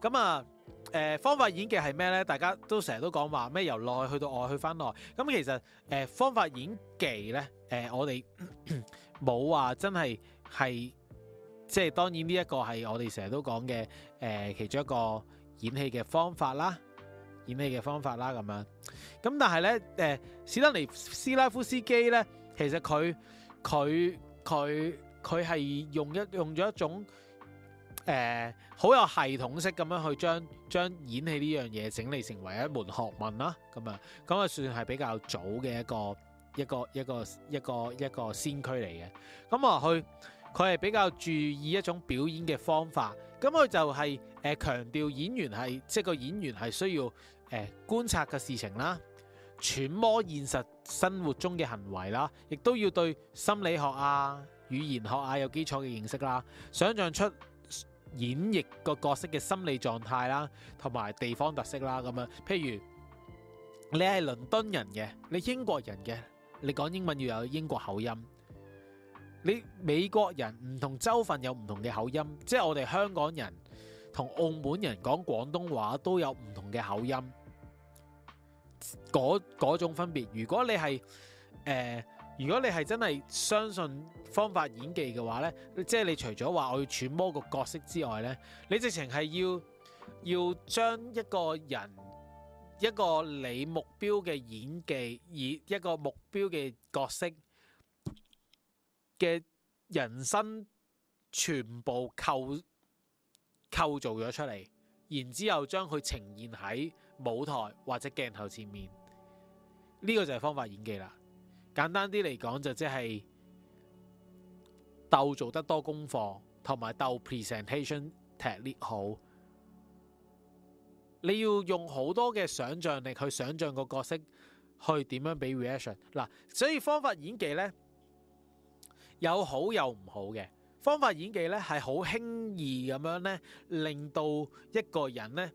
咁啊，誒、呃，方法演技係咩咧？大家都成日都講話咩由內去到外去翻內，咁其實誒、呃、方法演技咧，誒、呃、我哋冇話真係係，即、就、係、是、當然呢一個係我哋成日都講嘅，誒、呃、其中一個演戲嘅方法啦。演戲嘅方法啦，咁樣，咁但係咧，誒、呃，史丹尼斯拉夫斯基咧，其實佢佢佢佢係用一用咗一種誒，好、呃、有系統式咁樣去將將演戲呢樣嘢，整理成為一門學問啦，咁啊，咁啊算係比較早嘅一個一個一個一個一個先驅嚟嘅，咁啊，佢佢係比較注意一種表演嘅方法，咁佢就係誒強調演員係即係個演員係需要。誒觀察嘅事情啦，揣摩現實生活中嘅行為啦，亦都要對心理學啊、語言學啊有基礎嘅認識啦。想像出演繹個角色嘅心理狀態啦，同埋地方特色啦咁樣。譬如你係倫敦人嘅，你英國人嘅，你講英文要有英國口音。你美國人唔同州份有唔同嘅口音，即係我哋香港人同澳門人講廣東話都有唔同嘅口音。嗰嗰種分別，如果你係誒、呃，如果你係真係相信方法演技嘅話呢，即係你除咗話我要揣摩個角色之外呢，你直情係要要將一個人一個你目標嘅演技，以一個目標嘅角色嘅人生全部構構造咗出嚟。然之後將佢呈現喺舞台或者鏡頭前面，呢個就係方法演技啦。簡單啲嚟講，就即係鬥做得多功課，同埋鬥 presentation technique 好。你要用好多嘅想象力去想像個角色，去點樣俾 reaction 嗱。所以方法演技咧有好有唔好嘅。方法演技呢，係好輕易咁樣呢，令到一個人呢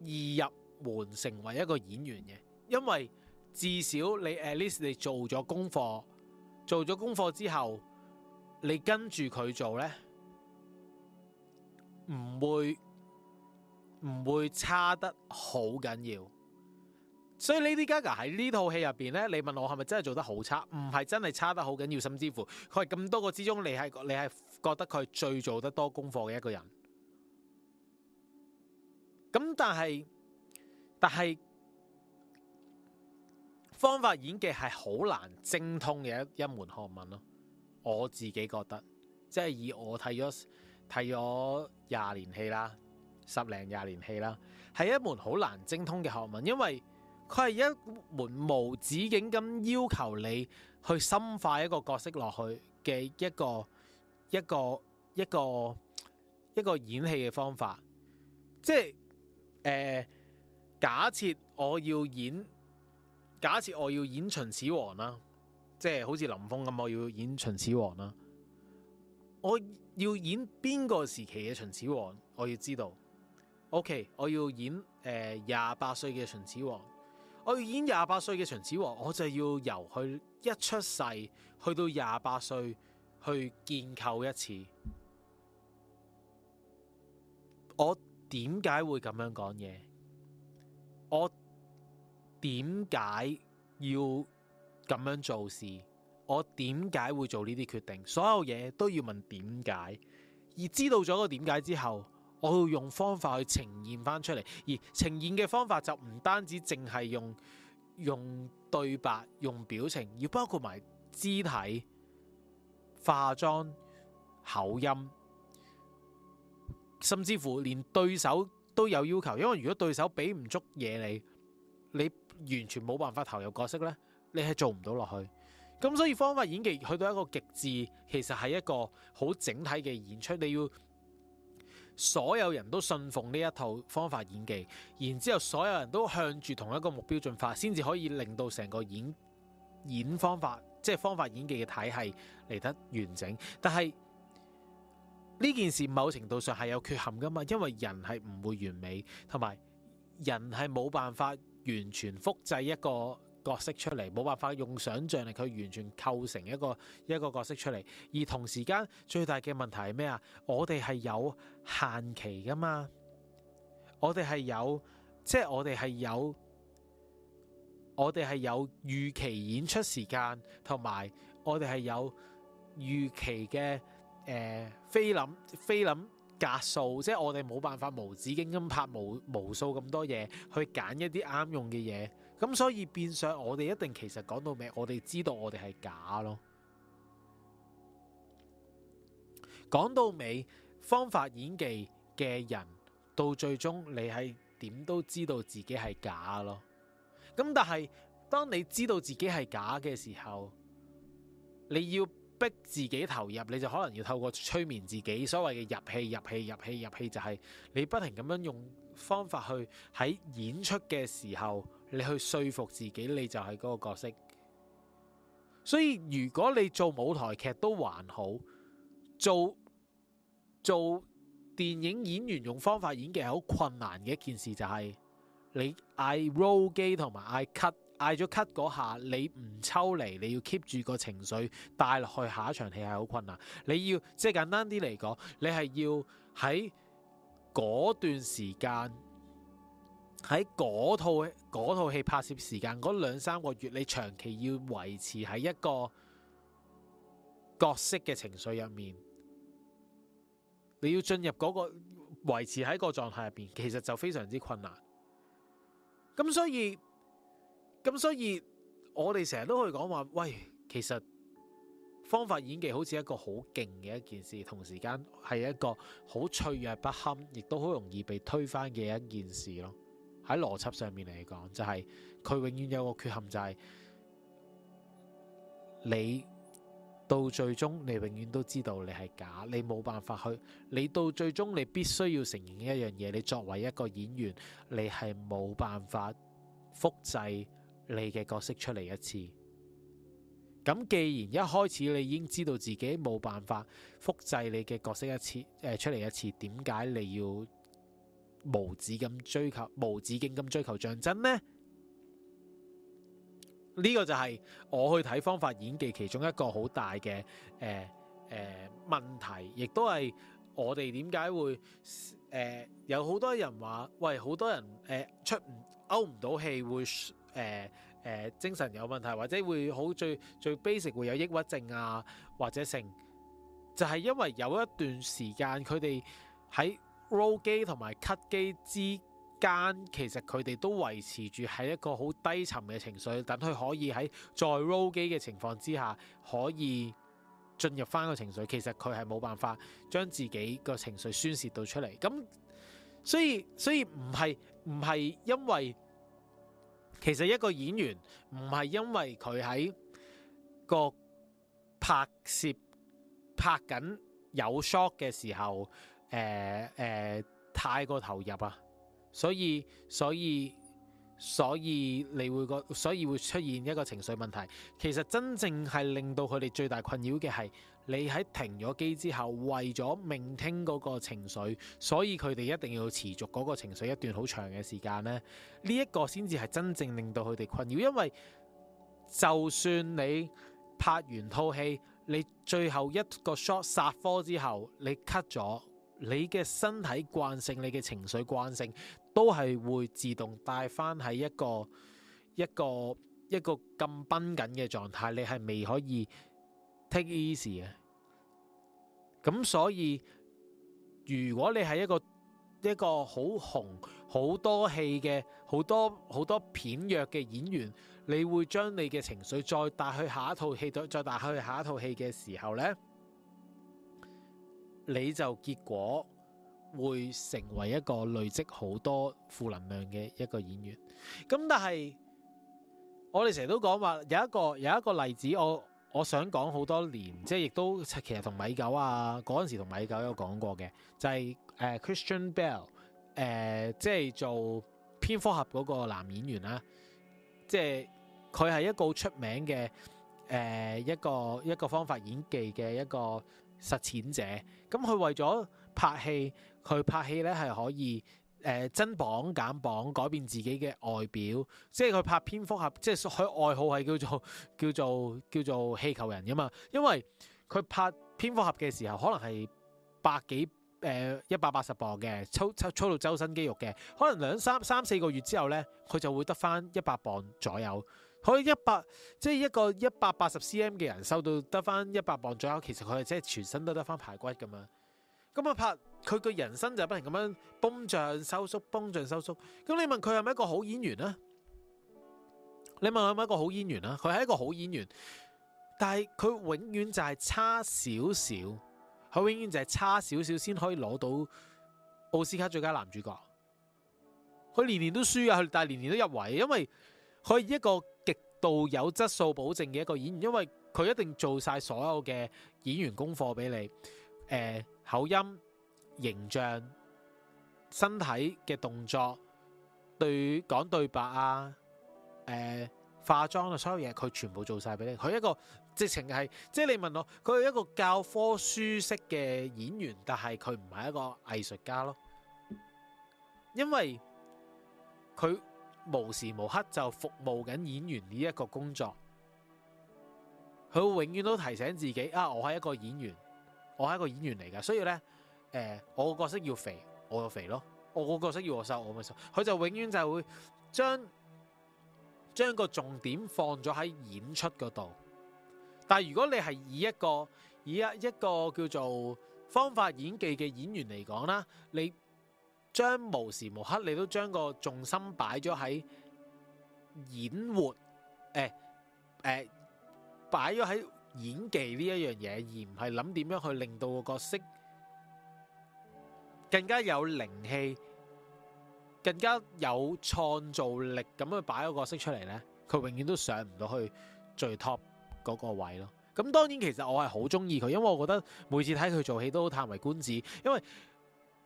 易入門成為一個演員嘅，因為至少你 at least 你做咗功課，做咗功課之後，你跟住佢做呢，唔會唔會差得好緊要。所以 Lady Gaga 喺呢套戲入邊呢，你問我係咪真係做得好差？唔係真係差得好緊要，甚至乎佢係咁多個之中，你係你係覺得佢最做得多功課嘅一個人。咁但係，但係方法演技係好難精通嘅一一門學問咯。我自己覺得，即係以我睇咗睇咗廿年戲啦，十零廿年戲啦，係一門好難精通嘅學問，因為。佢係一門無止境咁要求你去深化一個角色落去嘅一個一個一個一個演戲嘅方法，即係誒、呃、假設我要演，假設我要演秦始皇啦，即、就、係、是、好似林峰咁，我要演秦始皇啦，我要演邊個時期嘅秦始皇？我要知道。O、okay, K，我要演誒廿八歲嘅秦始皇。我演廿八歲嘅秦始皇，我就要由佢一出世去到廿八歲去建構一次。我點解會咁樣講嘢？我點解要咁樣做事？我點解會做呢啲決定？所有嘢都要問點解，而知道咗個點解之後。我要用方法去呈現翻出嚟，而呈現嘅方法就唔單止淨係用用對白、用表情，要包括埋肢體、化妝、口音，甚至乎連對手都有要求。因為如果對手俾唔足嘢你，你完全冇辦法投入角色呢，你係做唔到落去。咁所以方法演技去到一個極致，其實係一個好整體嘅演出，你要。所有人都信奉呢一套方法演技，然之後所有人都向住同一個目標進化，先至可以令到成個演演方法，即係方法演技嘅體系嚟得完整。但係呢件事某程度上係有缺陷㗎嘛，因為人係唔會完美，同埋人係冇辦法完全複製一個。角色出嚟冇辦法用想象力去完全構成一個一個角色出嚟。而同時間最大嘅問題係咩啊？我哋係有限期噶嘛，我哋係有，即係我哋係有，我哋係有預期演出時間，同埋我哋係有預期嘅誒菲林菲林格數，即係我哋冇辦法無止境咁拍無無數咁多嘢，去揀一啲啱用嘅嘢。咁所以變相，我哋一定其實講到尾，我哋知道我哋係假咯。講到尾方法演技嘅人，到最終你係點都知道自己係假咯。咁但係當你知道自己係假嘅時候，你要逼自己投入，你就可能要透過催眠自己。所謂嘅入戲、入戲、入戲、入戲，就係你不停咁樣用方法去喺演出嘅時候。你去說服自己你就係嗰個角色，所以如果你做舞台劇都還好，做做電影演員用方法演技係好困難嘅一件事，就是，就係你嗌 roll 機同埋嗌 cut，嗌咗 cut 嗰下你唔抽離，你要 keep 住個情緒帶落去下一場戲係好困難。你要即係簡單啲嚟講，你係要喺嗰段時間。喺嗰套嗰套戲拍攝時間嗰兩三個月，你長期要維持喺一個角色嘅情緒入面，你要進入嗰個維持喺個狀態入邊，其實就非常之困難。咁所以咁所以我哋成日都可以講話，喂，其實方法演技好似一個好勁嘅一件事，同時間係一個好脆弱不堪，亦都好容易被推翻嘅一件事咯。喺邏輯上面嚟講，就係、是、佢永遠有個缺陷，就係、是、你到最終，你永遠都知道你係假，你冇辦法去。你到最終，你必須要承認一樣嘢，你作為一個演員，你係冇辦法複製你嘅角色出嚟一次。咁既然一開始你已經知道自己冇辦法複製你嘅角色一次，誒、呃、出嚟一次，點解你要？無止咁追求，無止境咁追求象真呢，呢、這個就係我去睇方法演技其中一個好大嘅誒誒問題，亦都係我哋點解會誒、呃、有好多人話，喂，好多人誒、呃、出唔勾唔到氣，會誒誒、呃呃、精神有問題，或者會好最最 basic 會有抑鬱症啊，或者成就係、是、因為有一段時間佢哋喺，roll 機同埋 cut 機之間，其實佢哋都維持住係一個好低沉嘅情緒，等佢可以喺再 roll 機嘅情況之下，可以進入返個情緒。其實佢係冇辦法將自己個情緒宣洩到出嚟。咁所以，所以唔係唔係因為其實一個演員唔係因為佢喺個拍攝拍緊有 shot 嘅時候。誒誒、呃呃，太過投入啊，所以所以所以你會覺，所以會出現一個情緒問題。其實真正係令到佢哋最大困擾嘅係，你喺停咗機之後，為咗聆聽嗰個情緒，所以佢哋一定要持續嗰個情緒一段好長嘅時間。呢呢一個先至係真正令到佢哋困擾，因為就算你拍完套戲，你最後一個 shot 殺科之後，你 cut 咗。你嘅身體慣性、你嘅情緒慣性，都係會自動帶翻喺一個一個一個咁繃緊嘅狀態。你係未可以 take easy 嘅？咁所以，如果你係一個一個好紅、好多戲嘅、好多好多片約嘅演員，你會將你嘅情緒再帶去下一套戲度，再帶去下一套戲嘅時候呢，你就結果會成為一個累積好多負能量嘅一個演員。咁但係我哋成日都講話有一個有一個例子我，我我想講好多年，即係亦都其實同米九啊嗰陣時同米九有講過嘅，就係、是、誒 Christian Bale，誒、呃、即係做蝙蝠俠嗰個男演員啦。即係佢係一個出名嘅誒、呃、一個一個方法演技嘅一個實踐者。咁佢、嗯、為咗拍戲，佢拍戲呢係可以誒、呃、增磅減磅，磅，磅，磅，改變自己嘅外表。即係佢拍蝙蝠俠，即係佢外號係叫做叫做叫做氣球人噶嘛。因為佢拍蝙蝠俠嘅時候，可能係百幾誒一百八十磅嘅，操操到周身肌肉嘅，可能兩三三四個月之後呢，佢就會得返一百磅左右。可以一百，即係一個一百八十 cm 嘅人，收到得翻，一百磅左右。其實佢係真係全身都得翻排骨噶嘛。咁啊拍佢嘅人生就不停咁樣膨脹收縮，膨脹收縮。咁你問佢係咪一個好演員啊？你問佢係咪一個好演員啊？佢係一個好演員，但係佢永遠就係差少少，佢永遠就係差少少先可以攞到奧斯卡最佳男主角。佢年年都輸啊，佢但係年年都入圍，因為佢一個。到有質素保證嘅一個演員，因為佢一定做晒所有嘅演員功課俾你。誒、呃、口音、形象、身體嘅動作、對講對白啊、誒、呃、化妝啊，所有嘢佢全部做晒俾你。佢一個直情係，即係你問我，佢係一個教科書式嘅演員，但係佢唔係一個藝術家咯，因為佢。無時無刻就服務緊演員呢一個工作，佢永遠都提醒自己啊，我係一個演員，我係一個演員嚟㗎，所以呢，誒、呃，我個角色要肥，我就肥咯，我個角色要我瘦，我咪瘦。佢就永遠就係會將將個重點放咗喺演出嗰度。但係如果你係以一個以一一個叫做方法演技嘅演員嚟講啦，你。將無時無刻，你都將個重心擺咗喺演活，誒誒，擺咗喺演技呢一樣嘢，而唔係諗點樣去令到個角色更加有靈氣、更加有創造力咁樣擺個角色出嚟呢，佢永遠都上唔到去最 top 嗰個位咯。咁當然其實我係好中意佢，因為我覺得每次睇佢做戲都嘆為觀止，因為。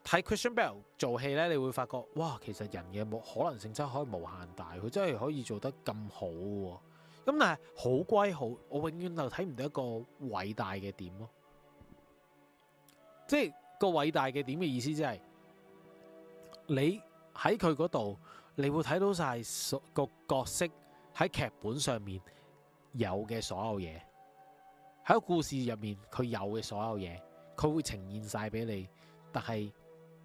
睇 Christian Bale 做戲咧，你會發覺哇，其實人嘅冇可能性真係可以無限大，佢真係可以做得咁好。咁但係好歸好，我永遠就睇唔到一個偉大嘅點咯。即係個偉大嘅點嘅意思，就是，即係你喺佢嗰度，你會睇到晒個角色喺劇本上面有嘅所有嘢，喺個故事入面佢有嘅所有嘢，佢會呈現晒俾你，但係。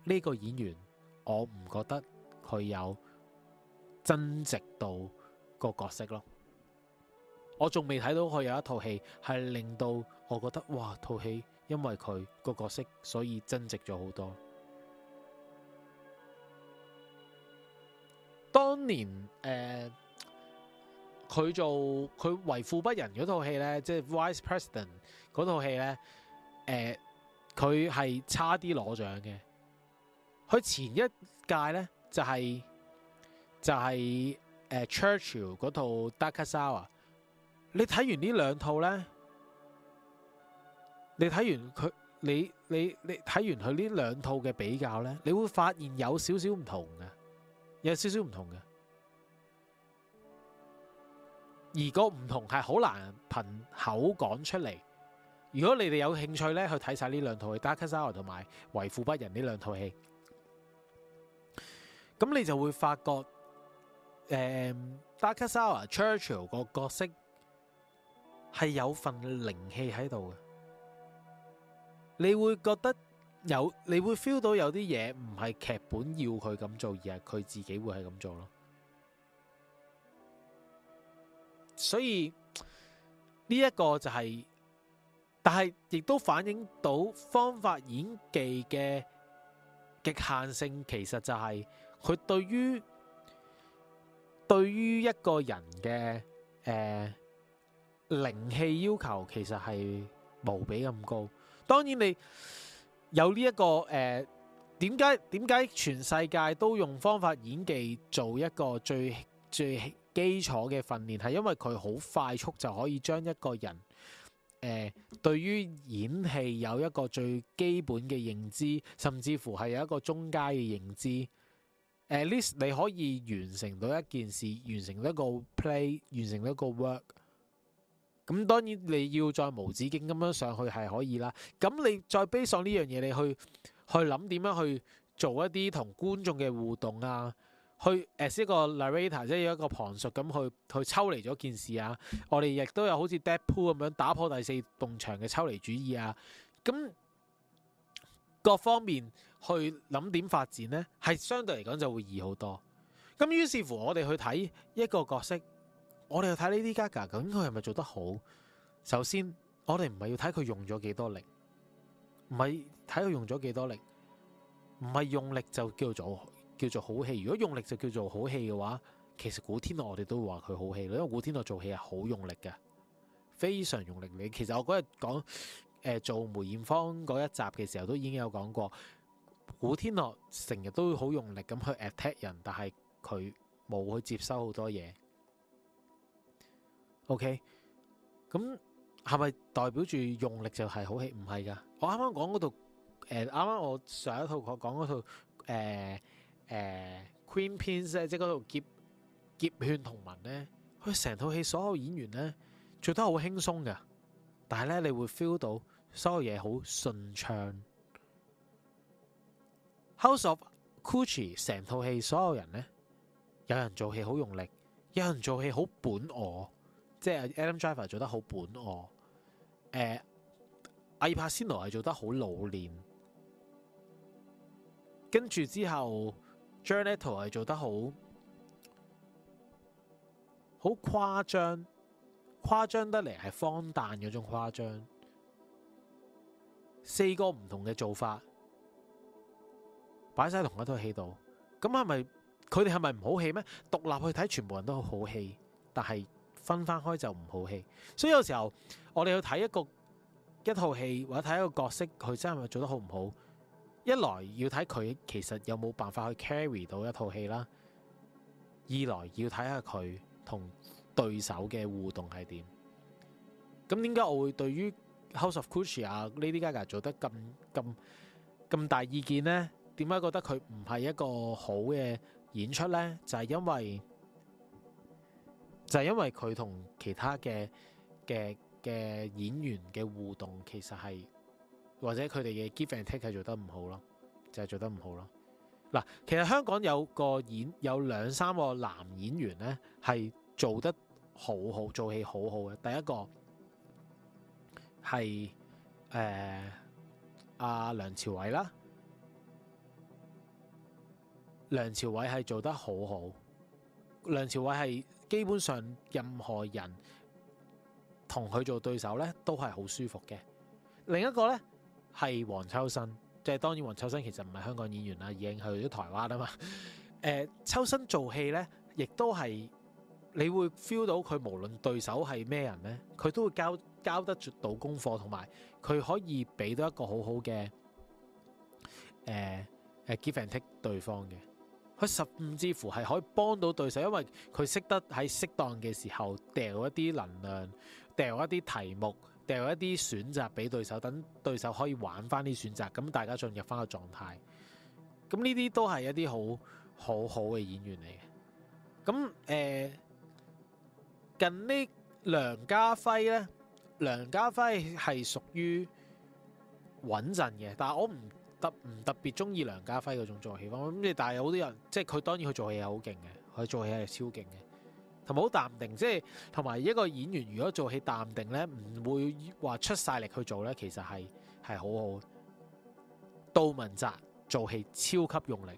呢個演員，我唔覺得佢有增值到個角色咯。我仲未睇到佢有一套戲係令到我覺得，哇！套戲因為佢個角色，所以增值咗好多。當年誒，佢、呃、做佢為富不仁嗰套戲呢，即係 Vice President 嗰套戲呢，佢、呃、係差啲攞獎嘅。佢前一屆呢，就係、是、就係、是、誒 Churchill 嗰套《德卡沙華》。你睇完兩呢兩套咧，你睇完佢，你你你睇完佢呢兩套嘅比較呢，你會發現有少少唔同嘅，有少少唔同嘅。而個唔同係好難憑口講出嚟。如果你哋有興趣呢，去睇晒呢兩套《Duckus 德卡沙華》同埋《為富不仁》呢兩套戲。咁你就會發覺，誒，Dakota Churchill 個角色係有份靈氣喺度嘅，你會覺得有，你會 feel 到有啲嘢唔係劇本要佢咁做，而係佢自己會係咁做咯。所以呢一個就係，但係亦都反映到方法演技嘅極限性，其實就係。佢對於對於一個人嘅誒靈氣要求，其實係無比咁高。當然，你有呢、這、一個誒點解點解全世界都用方法演技做一個最最基礎嘅訓練，係因為佢好快速就可以將一個人誒、呃、對於演戲有一個最基本嘅認知，甚至乎係有一個中階嘅認知。At least 你可以完成到一件事，完成一個 play，完成一個 work。咁當然你要再無止境咁樣上去係可以啦。咁你再 base on 呢樣嘢，你去去諗點樣去做一啲同觀眾嘅互動啊，去、As、as 一個 narrator 即係一個旁述咁去去抽離咗件事啊。我哋亦都有好似 Deadpool 咁樣打破第四埲牆嘅抽離主義啊。咁各方面。去諗點發展呢，係相對嚟講就會易好多。咁於是乎，我哋去睇一個角色，我哋去睇呢啲 Gaga，究竟佢係咪做得好？首先，我哋唔係要睇佢用咗幾多力，唔係睇佢用咗幾多力，唔係用力就叫做叫做好戲。如果用力就叫做好戲嘅話，其實古天樂我哋都會話佢好戲咯，因為古天樂做戲係好用力嘅，非常用力。你其實我嗰日講、呃、做梅艷芳嗰一集嘅時候，都已經有講過。古天樂成日都好用力咁去 attack 人，但係佢冇去接收好多嘢。OK，咁係咪代表住用力就係好戲？唔係噶，我啱啱講嗰套，啱、呃、啱我上一套我講嗰套，誒、呃、誒、呃《Queen Pins》即係嗰套劫劫勸同文咧，佢成套戲所有演員咧做得好輕鬆嘅，但係咧你會 feel 到所有嘢好順暢。House of Gucci 成套戲所有人呢，有人做戲好用力，有人做戲好本我，即係 Adam Driver 做得好本我，誒、呃，艾帕仙奴係做得好老練，跟住之後 Jared Leto 係做得好好誇張，誇張得嚟係荒誕嗰種誇張，四個唔同嘅做法。擺晒同一套戲度，咁係咪佢哋係咪唔好戲咩？獨立去睇，全部人都好戲，但係分翻開就唔好戲。所以有時候我哋要睇一個一套戲或者睇一個角色，佢真係咪做得好唔好？一來要睇佢其實有冇辦法去 carry 到一套戲啦，二來要睇下佢同對手嘅互動係點。咁點解我會對於 House of Gucci 啊 Lady Gaga 做得咁咁咁大意見呢？點解覺得佢唔係一個好嘅演出呢？就係因為就係因為佢同其他嘅嘅嘅演員嘅互動，其實係，或者佢哋嘅 give and take 係做得唔好咯，就係做得唔好咯。嗱，其實香港有個演有兩三個男演員呢，係做得好好做戲好好嘅。第一個係誒阿梁朝偉啦。梁朝偉係做得好好，梁朝偉係基本上任何人同佢做對手呢都係好舒服嘅。另一個呢係黃秋生，即係當然黃秋生其實唔係香港演員啦，已經去咗台灣啊嘛，呃，秋生做戲呢亦都係你會 feel 到佢無論對手係咩人呢，佢都會交交得到功課，同埋佢可以俾到一個好好嘅誒誒 give and take 對方嘅。佢甚至乎係可以幫到對手，因為佢識得喺適當嘅時候掉一啲能量，掉一啲題目，掉一啲選擇俾對手，等對手可以玩翻啲選擇，咁大家進入翻個狀態。咁呢啲都係一啲好好好嘅演員嚟嘅。咁誒、呃、近呢梁家輝呢？梁家輝係屬於穩陣嘅，但係我唔得唔特別中意梁家輝嗰種做戲方法，咁你，但係有好多人，即係佢當然佢做戲係好勁嘅，佢做戲係超勁嘅，同埋好淡定。即係同埋一個演員如果做戲淡定咧，唔會話出晒力去做咧，其實係係好好。杜汶澤做戲超級用力，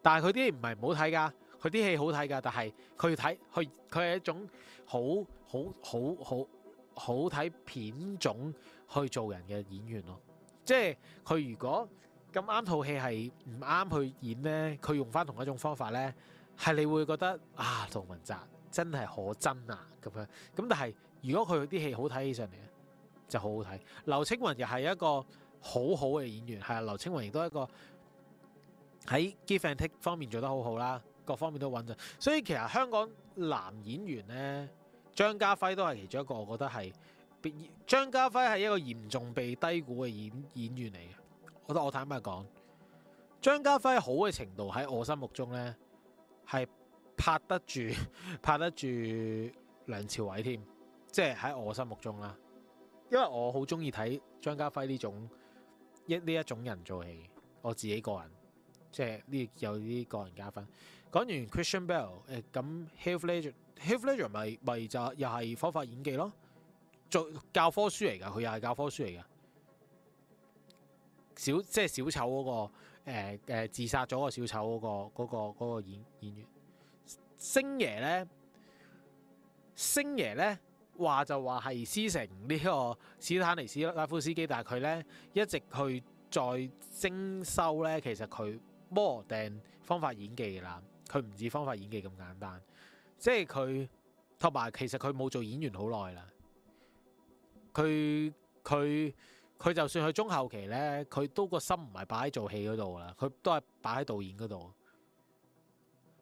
但係佢啲唔係唔好睇噶，佢啲戲好睇噶，但係佢睇佢佢係一種好好好好好睇片種去做人嘅演員咯。即係佢如果咁啱套戲係唔啱去演呢，佢用翻同一種方法呢，係你會覺得啊，杜文澤真係可憎啊咁樣。咁但係如果佢啲戲好睇起上嚟咧，就好好睇。劉青雲又係一個好好嘅演員，係啊，劉青雲亦都係一個喺 giftantic 方面做得好好啦，各方面都穩陣。所以其實香港男演員呢，張家輝都係其中一個，我覺得係。張家輝係一個嚴重被低估嘅演演員嚟嘅，我覺得我坦白講，張家輝好嘅程度喺我心目中呢，係拍得住、拍得住梁朝偉添，即係喺我心目中啦。因為我好中意睇張家輝呢種一呢一種人做戲，我自己個人即係呢有啲個人加分。講完 Christian Bale，誒、呃、咁 Heath Ledger，Heath Ledger 咪咪就又係方法演技咯。做教科書嚟噶，佢又係教科書嚟嘅。小即係小丑嗰、那個誒誒、呃呃，自殺咗個小丑嗰、那個嗰、那個、那個演演員星爺咧，星爺咧話就話係師承呢個史坦尼斯拉夫斯基，但係佢咧一直去再徵收咧。其實佢 more than 方法演技噶啦，佢唔止方法演技咁簡單，即係佢同埋其實佢冇做演員好耐啦。佢佢佢就算佢中後期呢，佢都個心唔係擺喺做戲嗰度啦，佢都係擺喺導演嗰度。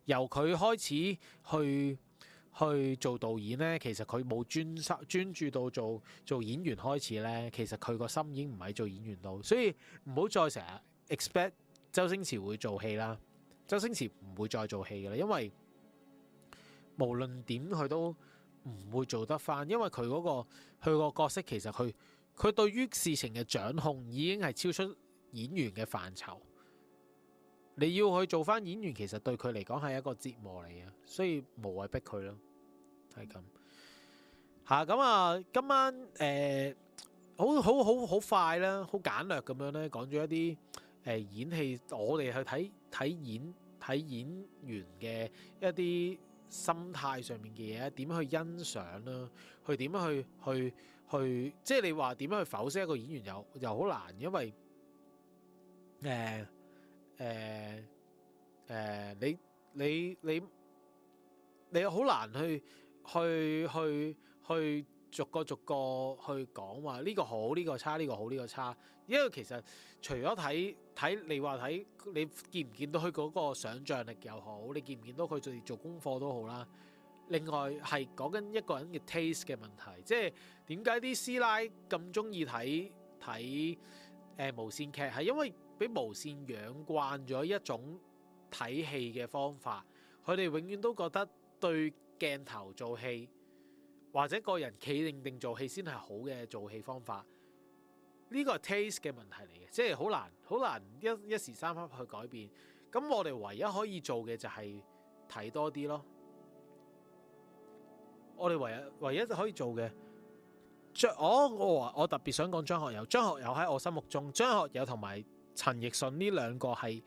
由佢開始去去做導演呢，其實佢冇專心專注到做做演員開始呢，其實佢個心已經唔喺做演員度，所以唔好再成日 expect 周星馳會做戲啦。周星馳唔會再做戲噶啦，因為無論點佢都唔會做得翻，因為佢嗰個佢個角色其實佢佢對於事情嘅掌控已經係超出演員嘅範疇。你要佢做翻演員，其實對佢嚟講係一個折磨嚟啊，所以無謂逼佢咯，係咁。吓咁啊，今晚誒、呃、好好好，好，好快啦，好簡略咁樣咧講咗一啲誒、呃、演戲，我哋去睇睇演睇演員嘅一啲。心態上面嘅嘢，點去欣賞啦？去點樣去去去？即係你話點樣去剖析一個演員又又好難，因為誒誒誒，你你你你好難去去去去，去逐個逐個去講話呢個好，呢個差，呢個好，呢個差，因為其實除咗睇。睇你話睇，你見唔見到佢嗰個想像力又好，你見唔見到佢做做功課都好啦。另外係講緊一個人嘅 taste 嘅問題，即係點解啲師奶咁中意睇睇誒無線劇？係因為俾無線養慣咗一種睇戲嘅方法，佢哋永遠都覺得對鏡頭做戲或者個人企定定做戲先係好嘅做戲方法。呢個係 taste 嘅問題嚟嘅，即係好難，好難一一時三刻去改變。咁我哋唯一可以做嘅就係睇多啲咯。我哋唯一唯一可以做嘅張哦，我我特別想講張學友。張學友喺我心目中，張學友同埋陳奕迅呢兩個係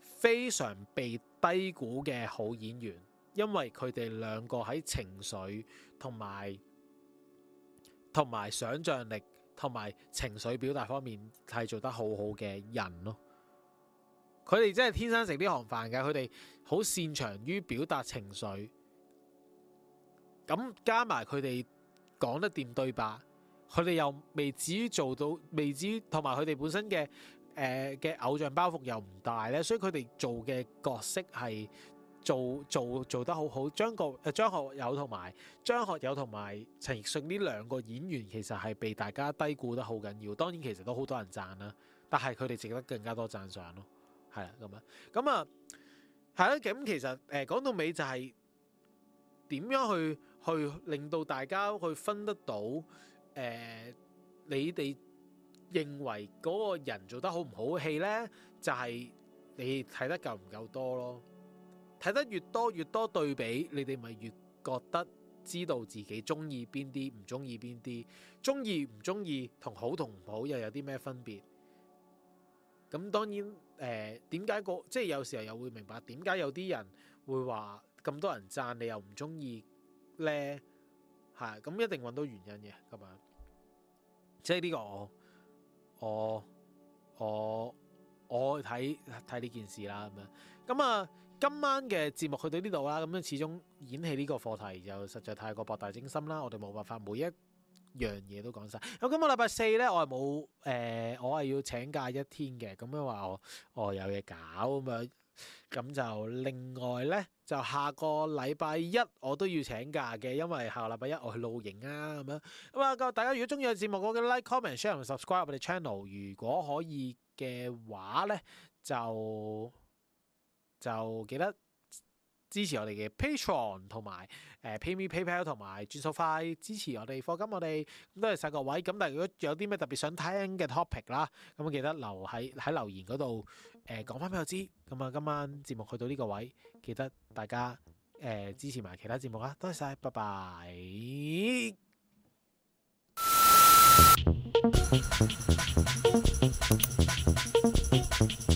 非常被低估嘅好演員，因為佢哋兩個喺情緒同埋同埋想像力。同埋情緒表達方面係做得好好嘅人咯，佢哋真係天生食呢行飯嘅，佢哋好擅長於表達情緒。咁加埋佢哋講得掂對白，佢哋又未至於做到，未至於同埋佢哋本身嘅誒嘅偶像包袱又唔大咧，所以佢哋做嘅角色係。做做做得好好，張國誒、啊、張學友同埋張學友同埋陳奕迅呢兩個演員，其實係被大家低估得好緊要。當然其實都好多人讚啦，但係佢哋值得更加多讚賞咯。係啦，咁樣，咁啊，係啦。咁其實誒、呃、講到尾就係點樣去去令到大家去分得到誒、呃、你哋認為嗰個人做得好唔好嘅戲咧，就係、是、你睇得夠唔夠多咯。睇得越多，越多對比，你哋咪越覺得知道自己中意邊啲，唔中意邊啲，中意唔中意同好同唔好又有啲咩分別？咁當然，誒點解個即係有時候又會明白點解有啲人會話咁多人讚你又唔中意咧？係咁、嗯、一定搵到原因嘅咁樣，即係呢、這個我我我我睇睇呢件事啦咁樣咁啊！今晚嘅節目去到呢度啦，咁樣始終演戲呢個課題就實在太過博大精深啦，我哋冇辦法每一樣嘢都講晒。咁今個禮拜四呢，呃，我係冇誒，我係要請假一天嘅，咁樣話我有嘢搞咁樣，咁就另外呢，就下個禮拜一我都要請假嘅，因為下個禮拜一我去露營啊咁樣。咁啊，大家如果中意嘅節目，我嘅 like、comment、share 同 subscribe 我哋 channel，如果可以嘅話呢，就。就記得支持我哋嘅 Patreon 同埋誒 PayMe、PayPal 同埋轉數快支持我哋，課金我哋，多謝晒各位。咁但係如果有啲咩特別想聽嘅 topic 啦，咁記得留喺喺留言嗰度，誒講返俾我知。咁啊，今晚節目去到呢個位，記得大家誒、呃、支持埋其他節目啊，多謝晒，拜拜。 [music]